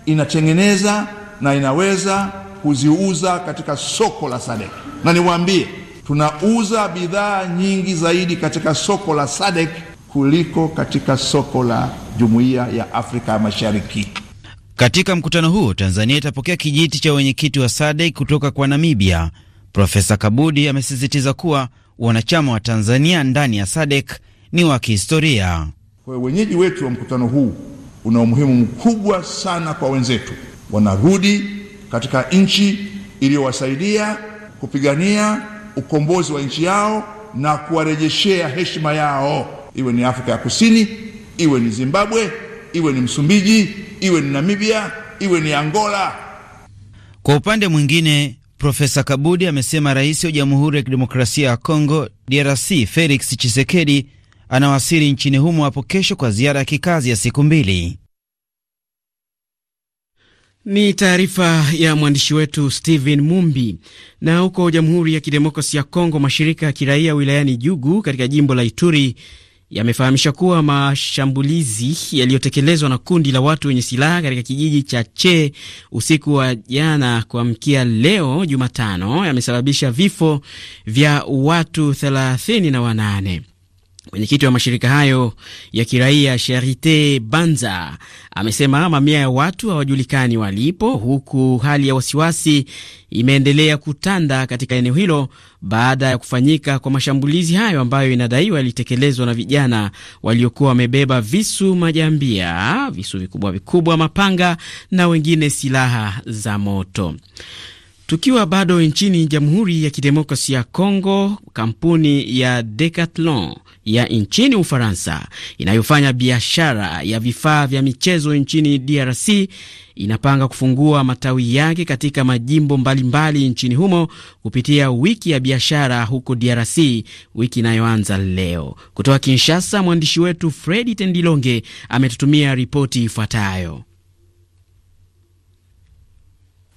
inatengeneza na inaweza kuziuza katika soko la SADC. Na niwaambie tunauza bidhaa nyingi zaidi katika soko la SADC kuliko katika soko la Jumuiya ya Afrika Mashariki. Katika mkutano huo, Tanzania itapokea kijiti cha wenyekiti wa SADC kutoka kwa Namibia. Profesa Kabudi amesisitiza kuwa wanachama wa Tanzania ndani ya SADC ni wa kihistoria. Kwa hiyo wenyeji wetu wa mkutano huu una umuhimu mkubwa sana kwa wenzetu, wanarudi katika nchi iliyowasaidia kupigania ukombozi wa nchi yao na kuwarejeshea heshima yao, iwe ni Afrika ya Kusini, iwe ni Zimbabwe, iwe ni Msumbiji, iwe ni Namibia, iwe ni Angola. Kwa upande mwingine Profesa Kabudi amesema rais wa Jamhuri ya Kidemokrasia ya Kongo DRC Felix Tshisekedi anawasili nchini humo hapo kesho kwa ziara ya kikazi ya siku mbili. Ni taarifa ya mwandishi wetu Steven Mumbi. Na huko Jamhuri ya Kidemokrasi ya Kongo, mashirika ya kiraia wilayani Jugu katika jimbo la Ituri yamefahamisha kuwa mashambulizi yaliyotekelezwa na kundi la watu wenye silaha katika kijiji cha Che usiku wa jana kuamkia leo Jumatano yamesababisha vifo vya watu thelathini na wanane. Mwenyekiti wa mashirika hayo ya kiraia Charite Banza amesema mamia ya watu hawajulikani walipo, huku hali ya wasiwasi imeendelea kutanda katika eneo hilo baada ya kufanyika kwa mashambulizi hayo ambayo inadaiwa yalitekelezwa na vijana waliokuwa wamebeba visu majambia, visu vikubwa vikubwa, mapanga na wengine silaha za moto. Tukiwa bado nchini Jamhuri ya Kidemokrasia ya Kongo, kampuni ya Decathlon ya nchini Ufaransa inayofanya biashara ya vifaa vya michezo nchini DRC inapanga kufungua matawi yake katika majimbo mbalimbali mbali nchini humo kupitia wiki ya biashara huko DRC, wiki inayoanza leo. Kutoka Kinshasa, mwandishi wetu Fredi Tendilonge ametutumia ripoti ifuatayo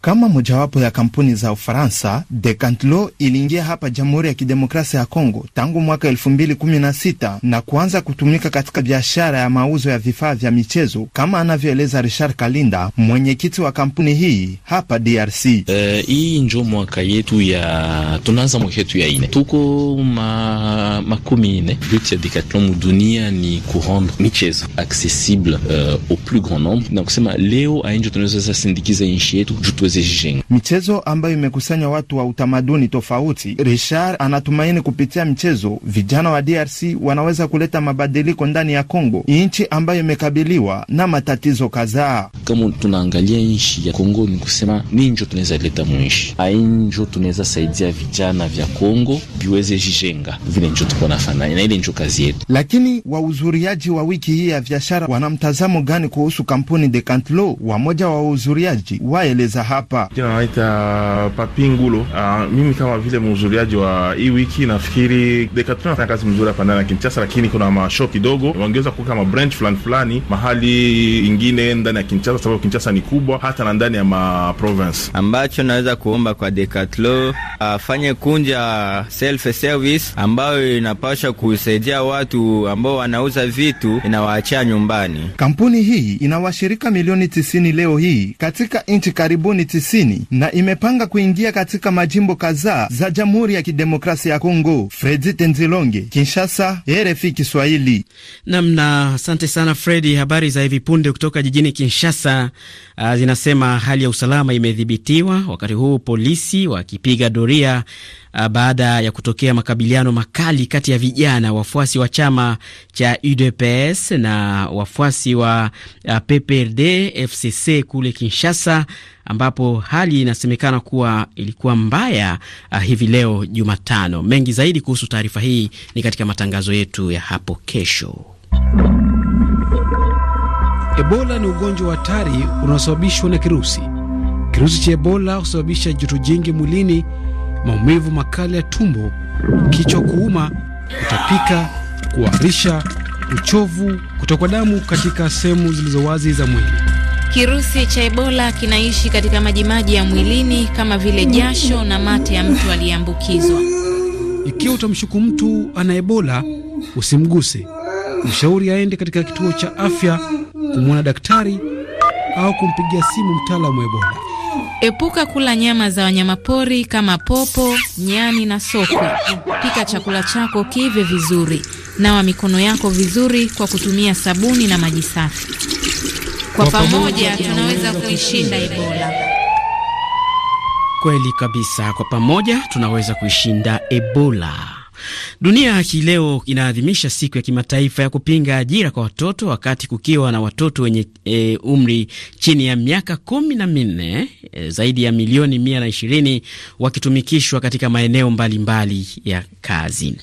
kama mojawapo ya kampuni za Ufaransa, Decathlon iliingia hapa Jamhuri ya Kidemokrasia ya Kongo tangu mwaka 2016 na kuanza kutumika katika biashara ya mauzo ya vifaa vya michezo, kama anavyoeleza Richard Kalinda, mwenyekiti wa kampuni hii hapa DRC. Uh, eh, hii njo mwaka yetu ya tunaanza mwaka yetu ya ine, tuko ma, makumi ine. But ya Decathlon dunia ni kurendre michezo accessible uh, au plus grand nombre, na kusema leo ainjo tunaweza sindikiza nchi yetu Beijing. Michezo ambayo imekusanya watu wa utamaduni tofauti. Richard anatumaini kupitia michezo vijana wa DRC wanaweza kuleta mabadiliko ndani ya Kongo, nchi ambayo imekabiliwa na matatizo kadhaa. Kama tunaangalia nchi ya Kongo, ni kusema ninjo tunaweza leta mwishi ainjo, tunaweza saidia vijana vya Kongo viweze jijenga vile njo tuko nafana na ile njo kazi yetu. Lakini wahudhuriaji wa wiki hii ya biashara wana mtazamo gani kuhusu kampuni Decathlon? Wamoja wa wahudhuriaji waeleza hapa hapa. Jina naita Ngulo. Uh, mimi kama vile mhudhuriaji wa hii wiki nafikiri Decathlon anafanya kazi mzuri hapa ndani ya Kinshasa, lakini kuna masho kidogo wangeweza kuweka ma branch fulani fulani mahali ingine ndani ya Kinshasa, sababu Kinshasa ni kubwa hata na ndani ya ma province. Ambacho naweza kuomba kwa Decathlon afanye uh, kunja self service ambayo inapasha kusaidia watu ambao wanauza vitu inawaachia nyumbani. Kampuni hii ina washirika milioni tisini leo hii katika nchi karibuni tisini na imepanga kuingia katika majimbo kadhaa za Jamhuri ya Kidemokrasia ya Kongo. Fredi Tenzilonge, Kinshasa, RFI Kiswahili. Namna asante sana Fredi. Habari za hivi punde kutoka jijini Kinshasa uh, zinasema hali ya usalama imedhibitiwa, wakati huu polisi wakipiga doria Ah, baada ya kutokea makabiliano makali kati ya vijana wafuasi wa chama cha UDPS na wafuasi wa ah, PPRD FCC kule Kinshasa, ambapo hali inasemekana kuwa ilikuwa mbaya uh, hivi leo Jumatano. Mengi zaidi kuhusu taarifa hii ni katika matangazo yetu ya hapo kesho. Ebola ni ugonjwa wa hatari unaosababishwa na kirusi. Kirusi cha Ebola husababisha joto jingi mwilini maumivu makali ya tumbo, kichwa kuuma, kutapika, kuharisha, uchovu, kutokwa damu katika sehemu zilizo wazi za mwili. Kirusi cha Ebola kinaishi katika majimaji ya mwilini kama vile jasho na mate ya mtu aliyeambukizwa. Ikiwa utamshuku mtu ana Ebola, usimguse. Mshauri aende katika kituo cha afya kumwona daktari au kumpigia simu mtaalamu wa Ebola. Epuka kula nyama za wanyamapori kama popo, nyani na sokwe. Pika chakula chako kiive vizuri. Nawa mikono yako vizuri kwa kutumia sabuni na maji safi. Kwa pamoja tunaweza kuishinda Ebola. Kweli kabisa, kwa pamoja tunaweza kuishinda Ebola. Dunia hii leo inaadhimisha siku ya kimataifa ya kupinga ajira kwa watoto, wakati kukiwa na watoto wenye e, umri chini ya miaka kumi na minne e, zaidi ya milioni mia na ishirini wakitumikishwa katika maeneo mbalimbali mbali ya kazi.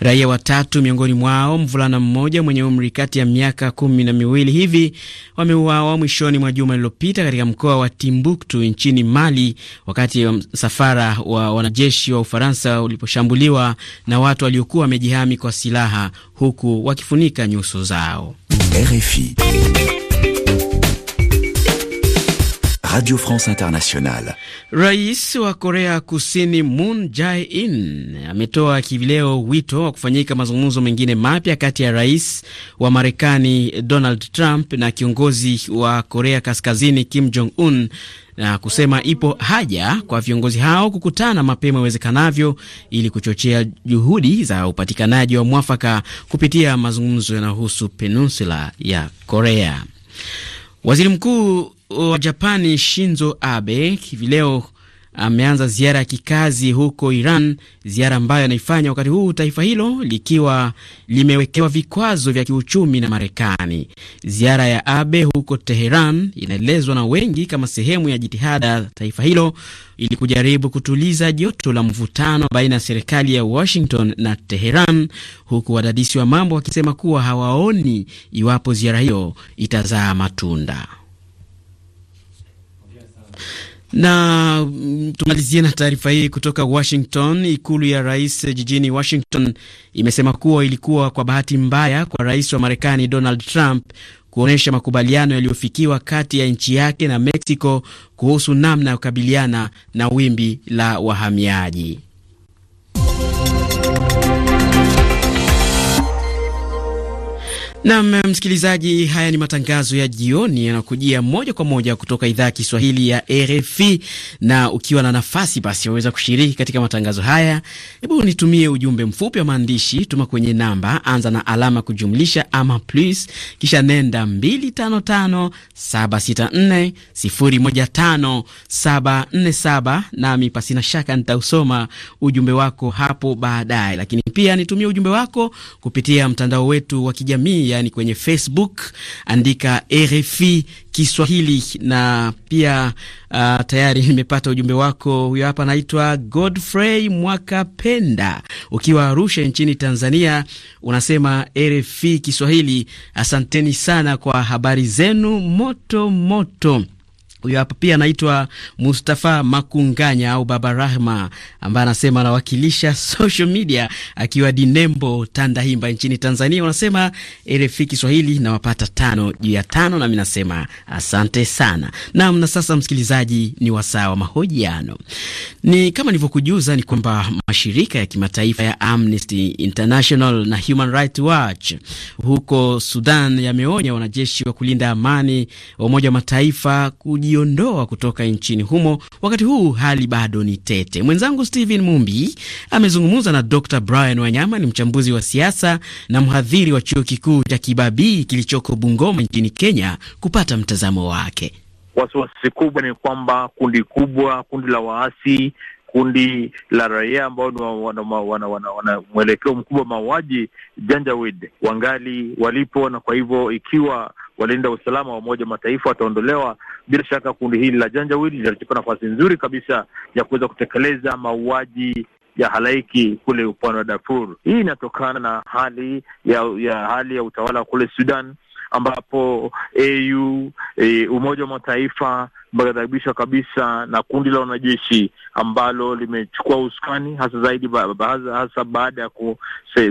Raia watatu, miongoni mwao mvulana mmoja mwenye umri kati ya miaka kumi na miwili hivi, wameuawa mwishoni mwa juma lililopita katika mkoa wa Timbuktu nchini Mali, wakati msafara wa wanajeshi wa Ufaransa uliposhambuliwa na watu waliokuwa wamejihami kwa silaha huku wakifunika nyuso zao. RFI. Radio France Internationale. Rais wa Korea Kusini Moon Jae-in ametoa kivileo wito wa kufanyika mazungumzo mengine mapya kati ya rais wa Marekani Donald Trump na kiongozi wa Korea Kaskazini Kim Jong Un na kusema ipo haja kwa viongozi hao kukutana mapema iwezekanavyo ili kuchochea juhudi za upatikanaji wa mwafaka kupitia mazungumzo yanayohusu peninsula ya Korea. Waziri Mkuu wa Japani Shinzo Abe hivi leo ameanza ziara ya kikazi huko Iran, ziara ambayo anaifanya wakati huu taifa hilo likiwa limewekewa vikwazo vya kiuchumi na Marekani. Ziara ya Abe huko Teheran inaelezwa na wengi kama sehemu ya jitihada taifa hilo ili kujaribu kutuliza joto la mvutano baina ya serikali ya Washington na Teheran, huku wadadisi wa mambo wakisema kuwa hawaoni iwapo ziara hiyo itazaa matunda. Na mm, tumalizie na taarifa hii kutoka Washington. Ikulu ya rais jijini Washington imesema kuwa ilikuwa kwa bahati mbaya kwa rais wa Marekani Donald Trump kuonyesha makubaliano yaliyofikiwa kati ya nchi yake na Mexico kuhusu namna ya kukabiliana na wimbi la wahamiaji. Nam msikilizaji, haya ni matangazo ya jioni yanakujia moja kwa moja kutoka idhaa ya Kiswahili ya RFI, na ukiwa na nafasi basi waweza kushiriki katika matangazo haya. Hebu nitumie ujumbe mfupi wa maandishi, tuma kwenye namba, anza na alama kujumlisha ama plus, kisha nenda 255764015747 nami pasina shaka nitausoma ujumbe wako hapo baadaye, lakini pia nitumie ujumbe wako kupitia mtandao wetu wa kijamii, yaani kwenye Facebook andika RFI Kiswahili na pia uh, tayari nimepata ujumbe wako. Huyo hapa anaitwa Godfrey mwaka penda ukiwa Arusha nchini Tanzania, unasema RFI Kiswahili, asanteni sana kwa habari zenu moto moto. Huyo hapa pia anaitwa Mustafa Makunganya au Baba Rahma, ambaye anasema anawakilisha social media akiwa Dinembo, Tandahimba nchini Tanzania. Wanasema RFI Kiswahili nawapata tano juu ya tano, nami nasema asante sana. Naam, na sasa msikilizaji, ni wasaa wa mahojiano. Ni kama nilivyokujuza, ni kwamba mashirika ya kimataifa ya Amnesty International na Human Rights Watch huko Sudan yameonya wanajeshi wa kulinda amani wa Umoja wa Mataifa kuji kujiondoa kutoka nchini humo, wakati huu hali bado ni tete. Mwenzangu Steven Mumbi amezungumza na Dr Brian Wanyama, ni mchambuzi wa siasa na mhadhiri wa chuo kikuu cha Kibabii kilichoko Bungoma nchini Kenya, kupata mtazamo wake. Wasiwasi kubwa ni kwamba kundi kubwa, kundi la waasi kundi la raia ambao ni wana, wana, wana, wana mwelekeo mkubwa wa mauaji Janjawid wangali walipo, na kwa hivyo ikiwa walinda usalama wa Umoja Mataifa wataondolewa bila shaka kundi hili la janjawili linachukua nafasi nzuri kabisa ya kuweza kutekeleza mauaji ya halaiki kule upande wa Darfur. Hii inatokana na hali ya, ya hali ya utawala kule Sudan ambapo AU e, Umoja wa Mataifa umekadhabishwa kabisa na kundi la wanajeshi ambalo limechukua usukani hasa zaidi ba, ba, hasa baada ya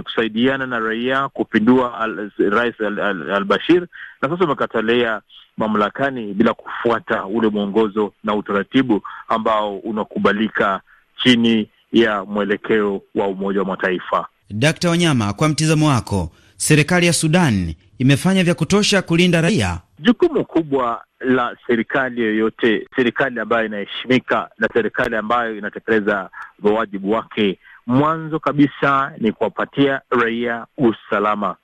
kusaidiana na raia kupindua al, Rais al-Bashir al, al na sasa umekatalea mamlakani bila kufuata ule mwongozo na utaratibu ambao unakubalika chini ya mwelekeo wa Umoja wa Mataifa. Dkt. Wanyama, kwa mtizamo wako serikali ya Sudan imefanya vya kutosha kulinda raia? Jukumu kubwa la serikali yoyote, serikali ambayo inaheshimika na serikali ambayo inatekeleza wajibu wake, mwanzo kabisa ni kuwapatia raia usalama,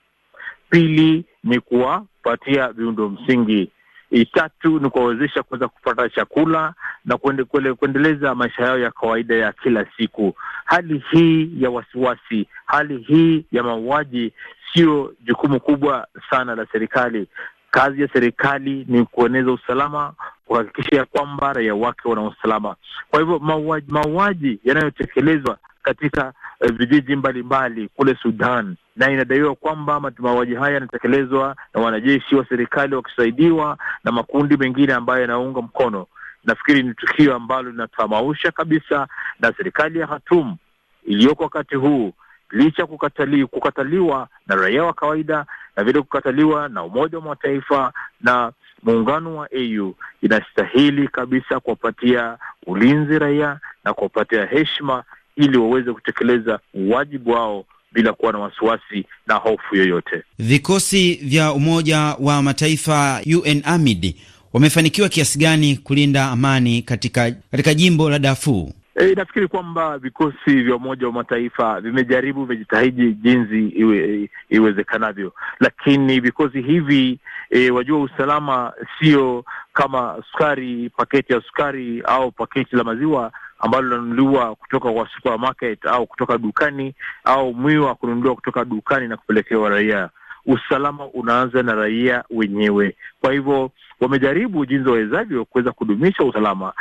pili ni kuwapatia viundo msingi Tatu ni kuwawezesha kuweza kupata chakula na kuendeleza maisha yao ya kawaida ya kila siku. Hali hii ya wasiwasi, hali hii ya mauaji sio jukumu kubwa sana la serikali. Kazi ya serikali ni kueneza usalama, kuhakikisha ya kwamba raia wake wana usalama. Kwa hivyo mauaji yanayotekelezwa katika eh, vijiji mbalimbali kule Sudan na inadaiwa kwamba mauaji haya yanatekelezwa na wanajeshi wa serikali wakisaidiwa na makundi mengine ambayo yanaunga mkono. Nafikiri ni tukio ambalo linatamausha kabisa, na serikali ya Khartoum iliyoko wakati huu licha kukatali, kukataliwa na raia wa kawaida na vile kukataliwa na Umoja wa Mataifa na muungano wa AU inastahili kabisa kuwapatia ulinzi raia na kuwapatia heshima ili waweze kutekeleza wajibu wao bila kuwa na wasiwasi na hofu yoyote. Vikosi vya Umoja wa Mataifa UNAMID wamefanikiwa kiasi gani kulinda amani katika, katika jimbo la Darfur? E, nafikiri kwamba vikosi vya Umoja wa Mataifa vimejaribu, vimejitahidi jinsi iwe, iwezekanavyo, lakini vikosi hivi e, wajua usalama sio kama sukari, paketi ya sukari au paketi la maziwa ambalo linanunuliwa kutoka kwa supermarket au kutoka dukani au mwiwa kununuliwa kutoka dukani na kupelekewa raia. Usalama unaanza na raia wenyewe. Kwa hivyo wamejaribu jinsi wawezavyo kuweza kudumisha usalama.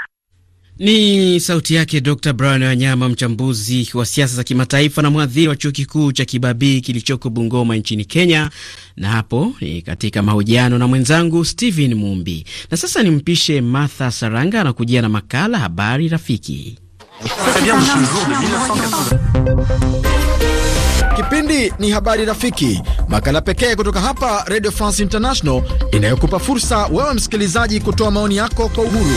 Ni sauti yake Dr Brian Wanyama, mchambuzi wa siasa za kimataifa na mhadhiri wa chuo kikuu cha Kibabii kilichoko Bungoma nchini Kenya, na hapo ni katika mahojiano na mwenzangu Stephen Mumbi. Na sasa nimpishe Martha Saranga anakujia na makala Habari Rafiki. Kipindi ni Habari Rafiki, makala pekee kutoka hapa Radio France International inayokupa fursa wewe msikilizaji kutoa maoni yako kwa uhuru.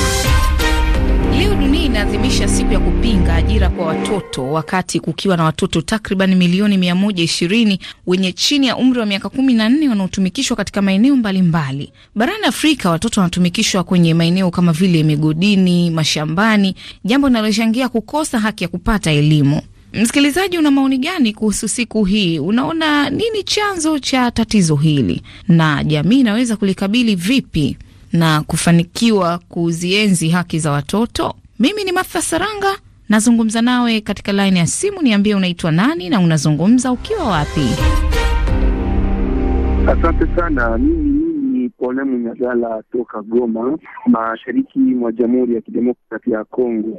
Leo dunia inaadhimisha siku ya kupinga ajira kwa watoto, wakati kukiwa na watoto takriban milioni 120 wenye chini ya umri wa miaka 14 wanaotumikishwa katika maeneo mbalimbali barani Afrika. Watoto wanatumikishwa kwenye maeneo kama vile migodini, mashambani, jambo linalochangia kukosa haki ya kupata elimu. Msikilizaji, una maoni gani kuhusu siku hii? Unaona nini chanzo cha tatizo hili, na jamii inaweza kulikabili vipi? na kufanikiwa kuzienzi haki za watoto? Mimi ni Martha Saranga, nazungumza nawe katika laini ya simu. Niambie unaitwa nani na unazungumza ukiwa wapi? Asante sana mimi Ole Munyagala toka Goma, mashariki mwa Jamhuri ya Kidemokrasia ya Kongo.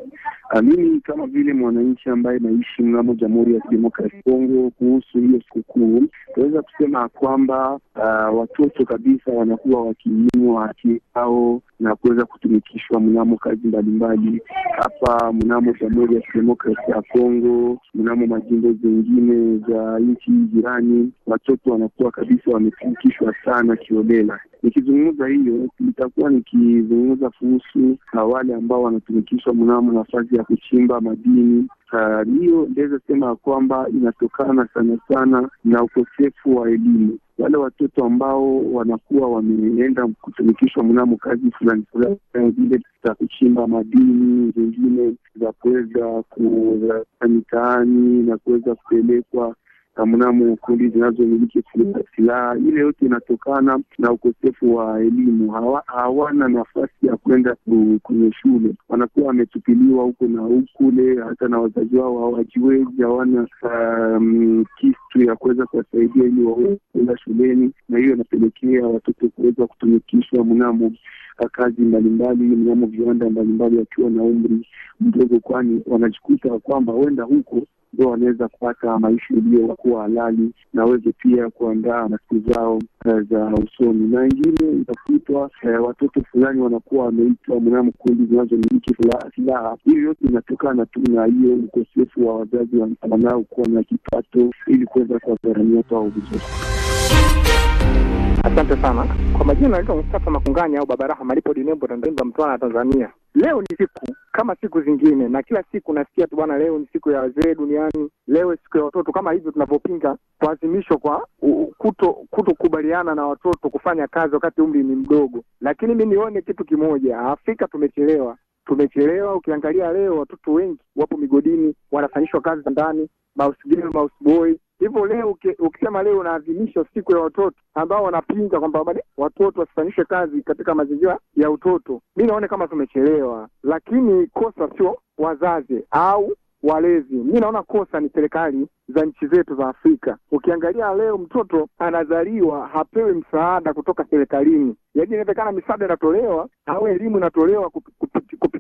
Ah, mimi kama vile mwananchi ambaye naishi mnamo Jamhuri ya Kidemokrasia ya Kongo, kuhusu hiyo sikukuu, naweza kusema kwamba uh, watoto kabisa wanakuwa wakinyimwa haki yao na kuweza kutumikishwa mnamo kazi mbalimbali hapa mnamo Jamhuri ya Kidemokrasia ya Kongo, mnamo majimbo zengine za nchi jirani, watoto wanakuwa kabisa wametumikishwa sana kiolela kuzungumza hiyo nitakuwa nikizungumza kuhusu wale ambao wanatumikishwa mnamo nafasi ya kuchimba madini. Ah, hiyo ndaweza sema ya kwamba inatokana sana sana na ukosefu wa elimu. Wale watoto ambao wanakuwa wameenda kutumikishwa mnamo kazi fulani fulani, zile za kuchimba madini, zingine za kuweza kuza mitaani na kuweza kupelekwa mnamo kundi zinazomiliki silaha. Ile yote inatokana na ukosefu wa elimu. hawana nafasi ya kwenda kwenye shule, wanakuwa wametupiliwa huko na hukule, hata na wazazi wao hawajiwezi, hawana um, kitu ya kuweza kuwasaidia ili waweze kuenda shuleni, na hiyo inapelekea watoto kuweza kutumikishwa mnamo kazi mbalimbali, mnamo viwanda mbalimbali wakiwa na umri mdogo, kwani wanajikuta kwamba huenda huko ndo wanaweza kupata maisha iliyokuwa halali na waweze pia kuandaa na siku zao eh, za usoni. Na wengine itafutwa eh, watoto fulani wanakuwa wameitwa mnamo kundi zinazomiliki silaha. Hiyo yote inatokana tu na hiyo ukosefu wa wazazi wanaokuwa na kipato ili kuweza kuwagharamia kwao vizuri. Asante sana kwa majina, naitwa Mustafa Makunganya au Baba Rahma, alipo dinembo Tandimba, Mtwara, Tanzania. Leo ni siku kama siku zingine, na kila siku nasikia tu bwana, leo ni siku ya wazee duniani, leo siku ya watoto, kama hivyo tunavyopinga kuadhimishwa kwa kuto kutokubaliana na watoto kufanya kazi wakati umri ni mdogo. Lakini mi nione kitu kimoja, Afrika tumechelewa, tumechelewa. Ukiangalia leo watoto wengi wapo migodini, wanafanyishwa kazi za ndani, mausgiri mausboi Hivyo leo ukisema leo unaadhimisha siku ya watoto ambao wanapinga kwamba watoto wasifanyishwe kazi katika mazingira ya utoto, mi naona kama tumechelewa, lakini kosa sio wazazi au walezi. Mi naona kosa ni serikali za nchi zetu za Afrika. Ukiangalia leo mtoto anazaliwa hapewi msaada kutoka serikalini, yaani inawezekana misaada inatolewa au elimu inatolewa kupi,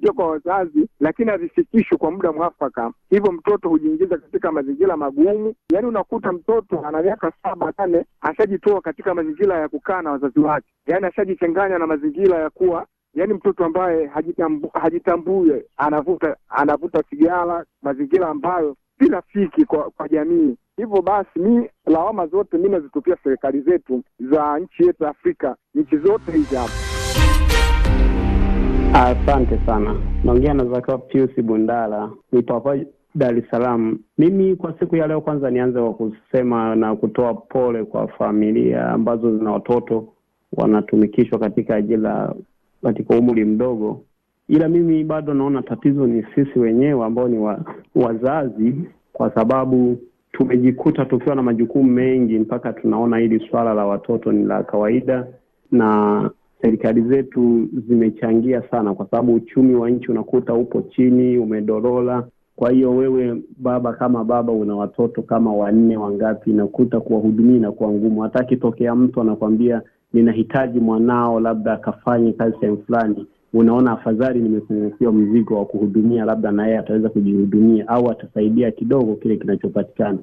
kupitia kwa wazazi, lakini havifikishwi kwa muda mwafaka, hivyo mtoto hujiingiza katika mazingira magumu. Yaani unakuta mtoto ana miaka saba nane ashajitoa katika mazingira ya kukaa na wazazi wake, yaani ashajichanganya na mazingira ya kuwa yaani mtoto ambaye hajitambu, hajitambue anavuta anavuta sigara, mazingira ambayo si rafiki kwa kwa jamii. Hivyo basi, mi lawama zote mi nazitupia serikali zetu za nchi yetu Afrika, nchi zote hizi hapa. Asante sana. Naongea na Zakayo Pius Bundala, nipo hapa Dar es Salaam. Mimi kwa siku ya leo, kwanza nianze kwa kusema na kutoa pole kwa familia ambazo zina watoto wanatumikishwa katika ajira katika umri mdogo, ila mimi bado naona tatizo ni sisi wenyewe ambao ni wa, wazazi, kwa sababu tumejikuta tukiwa na majukumu mengi mpaka tunaona hili swala la watoto ni la kawaida na serikali zetu zimechangia sana, kwa sababu uchumi wa nchi unakuta upo chini, umedorola Kwa hiyo wewe baba kama baba una watoto kama wanne wangapi, nakuta kuwahudumia inakuwa ngumu. Hata akitokea mtu anakwambia ninahitaji mwanao labda akafanye kazi sehemu fulani, unaona afadhali nimepungukiwa mzigo wa kuhudumia, labda na yeye ataweza kujihudumia au atasaidia kidogo kile kinachopatikana.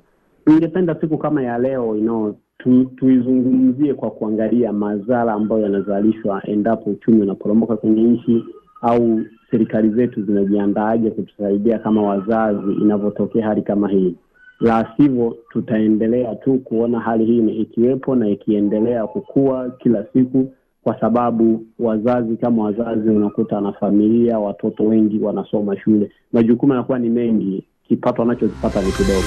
Ningependa siku kama ya leo you know, tu, tuizungumzie kwa kuangalia madhara ambayo yanazalishwa endapo uchumi unaporomoka kwenye nchi au serikali zetu zinajiandaaje kutusaidia kama wazazi inavyotokea hali kama hii. La sivyo tutaendelea tu kuona hali hii ni ikiwepo na ikiendelea kukua kila siku, kwa sababu wazazi kama wazazi, unakuta na familia, watoto wengi wanasoma shule, majukumu yanakuwa ni mengi, kipato anachokipata ni kidogo.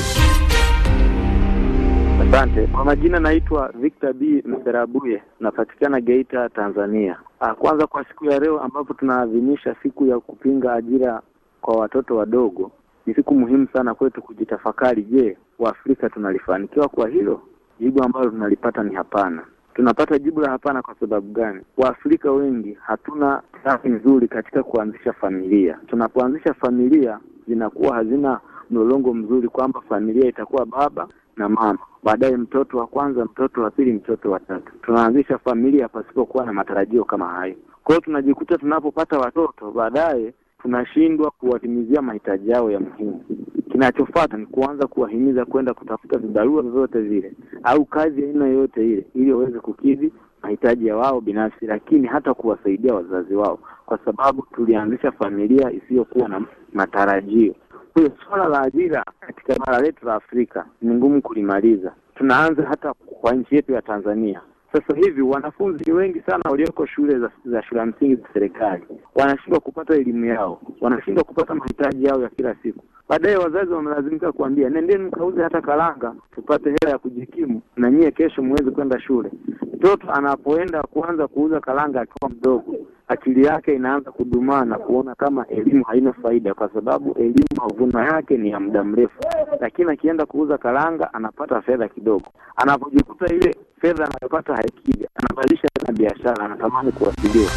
Asante kwa majina, naitwa Victor B Mserabuye, napatikana Geita, Tanzania. Ah, kwanza kwa siku ya leo ambapo tunaadhimisha siku ya kupinga ajira kwa watoto wadogo, ni siku muhimu sana kwetu kujitafakari. Je, Waafrika tunalifanikiwa kwa hilo? Jibu ambalo tunalipata ni hapana. Tunapata jibu la hapana kwa sababu gani? Waafrika wengi hatuna safi nzuri katika kuanzisha familia. Tunapoanzisha familia zinakuwa hazina mlolongo mzuri, kwamba familia itakuwa baba na mama baadaye mtoto wa kwanza, mtoto wa pili, mtoto wa tatu. Tunaanzisha familia pasipokuwa na matarajio kama hayo. Kwa hiyo tunajikuta tunapopata watoto baadaye tunashindwa kuwatimizia mahitaji yao ya muhimu. kinachofata ni kuanza kuwahimiza kwenda kutafuta vibarua vyovyote vile au kazi ya aina yoyote ile, ili waweze kukidhi mahitaji ya wao binafsi, lakini hata kuwasaidia wazazi wao, kwa sababu tulianzisha familia isiyokuwa na matarajio kwa suala la ajira katika bara letu la Afrika ni ngumu kulimaliza. Tunaanza hata kwa nchi yetu ya Tanzania. Sasa hivi wanafunzi wengi sana walioko shule za, za shule ya msingi za serikali wanashindwa kupata elimu yao, wanashindwa kupata mahitaji yao ya kila siku. Baadaye wazazi wamelazimika kuambia, nendeni mkauze hata karanga tupate hela ya kujikimu, na nyie kesho muweze kwenda shule. Mtoto anapoenda kuanza kuuza karanga akiwa mdogo, akili yake inaanza kudumaa na kuona kama elimu haina faida, kwa sababu elimu mavuno yake ni ya muda mrefu. Lakini akienda kuuza karanga anapata fedha kidogo, anapojikuta ile fedha anayopata haikija, anabadilisha na biashara, anatamani kuwasiliwa.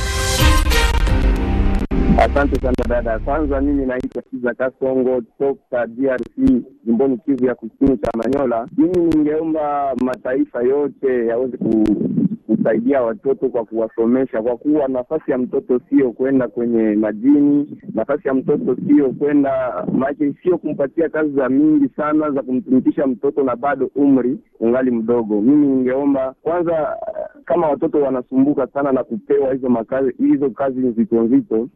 Asante sana dada. Kwanza mimi naitwa Kiza Kasongo toka DRC jimboni Kivu ya kusini cha Manyola. Mimi ningeomba mataifa yote yaweze kusaidia watoto kwa kuwasomesha, kwa kuwa nafasi ya mtoto sio kwenda kwenye majini, nafasi ya mtoto sio kwenda maake, sio kumpatia kazi za mingi sana za kumtumikisha mtoto na bado umri ungali mdogo. Mimi ningeomba kwanza, kama watoto wanasumbuka sana na kupewa hizo makazi, hizo kazi nzito nzito,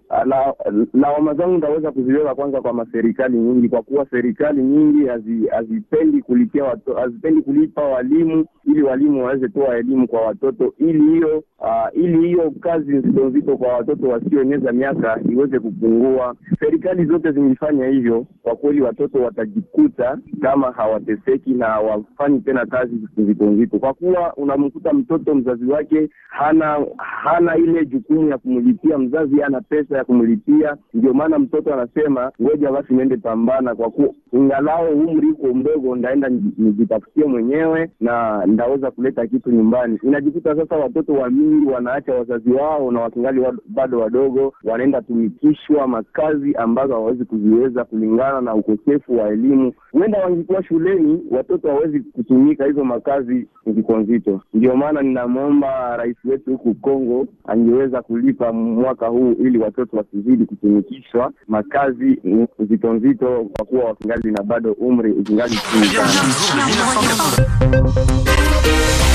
lawama la zangu ndaweza kuziweka kwanza kwa maserikali nyingi, kwa kuwa serikali nyingi serikali hazipendi kulipia watu, hazipendi kulipa walimu ili walimu waweze toa elimu kwa watoto ili hiyo uh, ili hiyo kazi nzito nzito kwa watoto wasioeneza miaka iweze kupungua. Serikali zote zimefanya hivyo, kwa kweli watoto watajikuta kama hawateseki na hawafanyi tena kazi nzito nzito, kwa kuwa unamkuta mtoto mzazi wake hana hana ile jukumu ya kumlipia mzazi, ana pesa ya kumlipia. Ndio maana mtoto anasema ngoja basi niende pambana, kwa kuwa ingalao ambaye umri uko mdogo, ndaenda nijitafutie mwenyewe na ndaweza kuleta kitu nyumbani. Inajikuta sasa watoto wa mingi wanaacha wazazi wao na wakingali bado wadogo, wanaenda tumikishwa makazi ambazo hawawezi kuziweza kulingana na ukosefu wa elimu. Huenda wangekuwa shuleni, watoto hawawezi kutumika hizo makazi, ziko nzito. Ndio maana ninamwomba rais wetu huku Kongo angeweza kulipa mwaka huu ili watoto wasizidi kutumikishwa makazi nzito nzito, kwa kuwa wakingali na bado umri ukingaji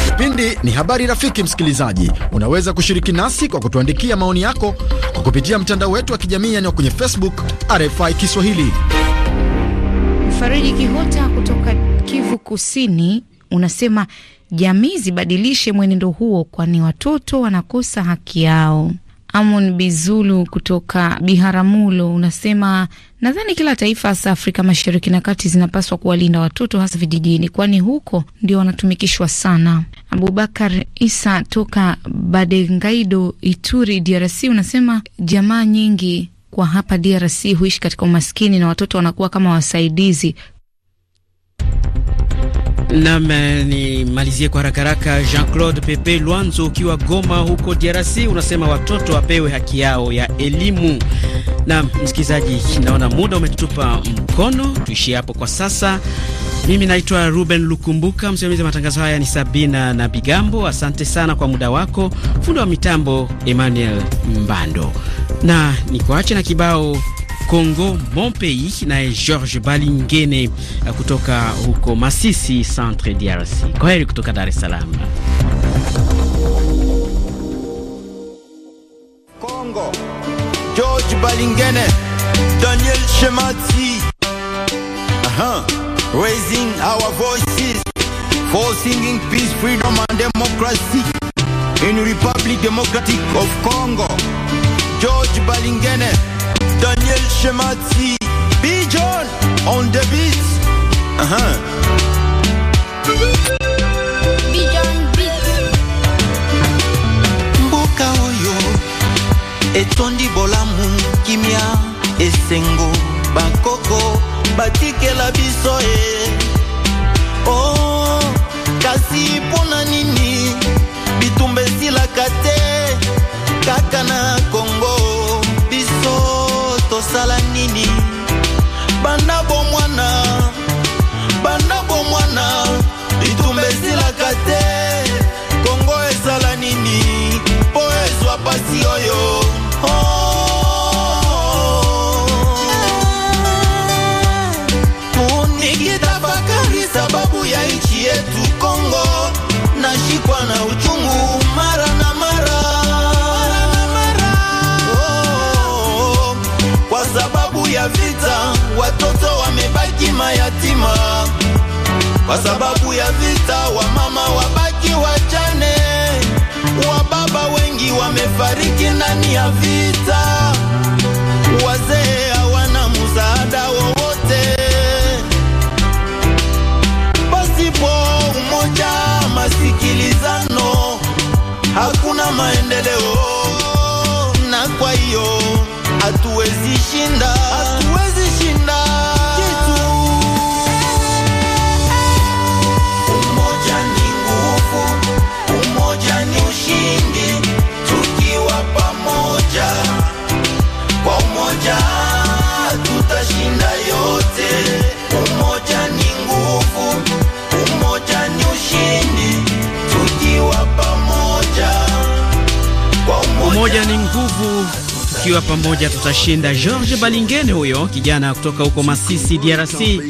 Kipindi ni habari rafiki. Msikilizaji, unaweza kushiriki nasi kwa kutuandikia maoni yako kwa kupitia mtandao wetu wa kijamii yani kwenye Facebook RFI Kiswahili. Mfariji Kihota kutoka Kivu Kusini unasema jamii zibadilishe mwenendo huo, kwani watoto wanakosa haki yao. Amon Bizulu kutoka Biharamulo unasema nadhani kila taifa hasa Afrika Mashariki na Kati zinapaswa kuwalinda watoto hasa vijijini, kwani huko ndio wanatumikishwa sana. Abubakar Isa toka Badengaido, Ituri, DRC unasema jamaa nyingi kwa hapa DRC huishi katika umaskini na watoto wanakuwa kama wasaidizi Nam ni malizie kwa haraka haraka. Jean Claude Pepe Lwanzo, ukiwa Goma huko DRC, unasema watoto wapewe haki yao ya elimu. Na msikilizaji, naona muda umetupa mkono, tuishie hapo kwa sasa. Mimi naitwa Ruben Lukumbuka, msimamizi wa matangazo haya ni Sabina na Bigambo. Asante sana kwa muda wako. Fundi wa mitambo Emmanuel Mbando, na nikuache na kibao Congo Mon Pays, naye George Balingene eh, kutoka huko Masisi Centre DRC. Kwa heri kutoka Dar es Salaam. Congo, George Balingene, Daniel Shemati. Aha, raising our voices for singing peace, freedom and democracy in Republic Democratic of Congo. George Balingene Daniel Shemati, B. on the uh-huh. beat. Uh -huh. Mboka etondi bolamu kimia esengo bakoko biso e. oh kasi nini la kwa sababu ya vita, wamama wabaki wajane, baba wengi wamefariki ndani ya vita, wazee hawana msaada wowote. Pasipo umoja, masikilizano, hakuna maendeleo, na kwa hiyo hatuwezi shinda. tukiwa pamoja tutashinda. George Balingene huyo kijana kutoka huko Masisi, DRC.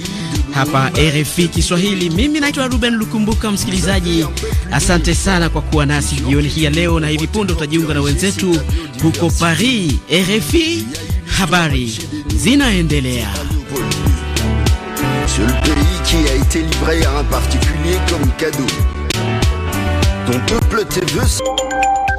Hapa RFI Kiswahili, mimi naitwa Ruben Lukumbuka. Msikilizaji, asante sana kwa kuwa nasi jioni hii ya leo, na hivi punde utajiunga na wenzetu huko Paris. RFI, habari zinaendelea.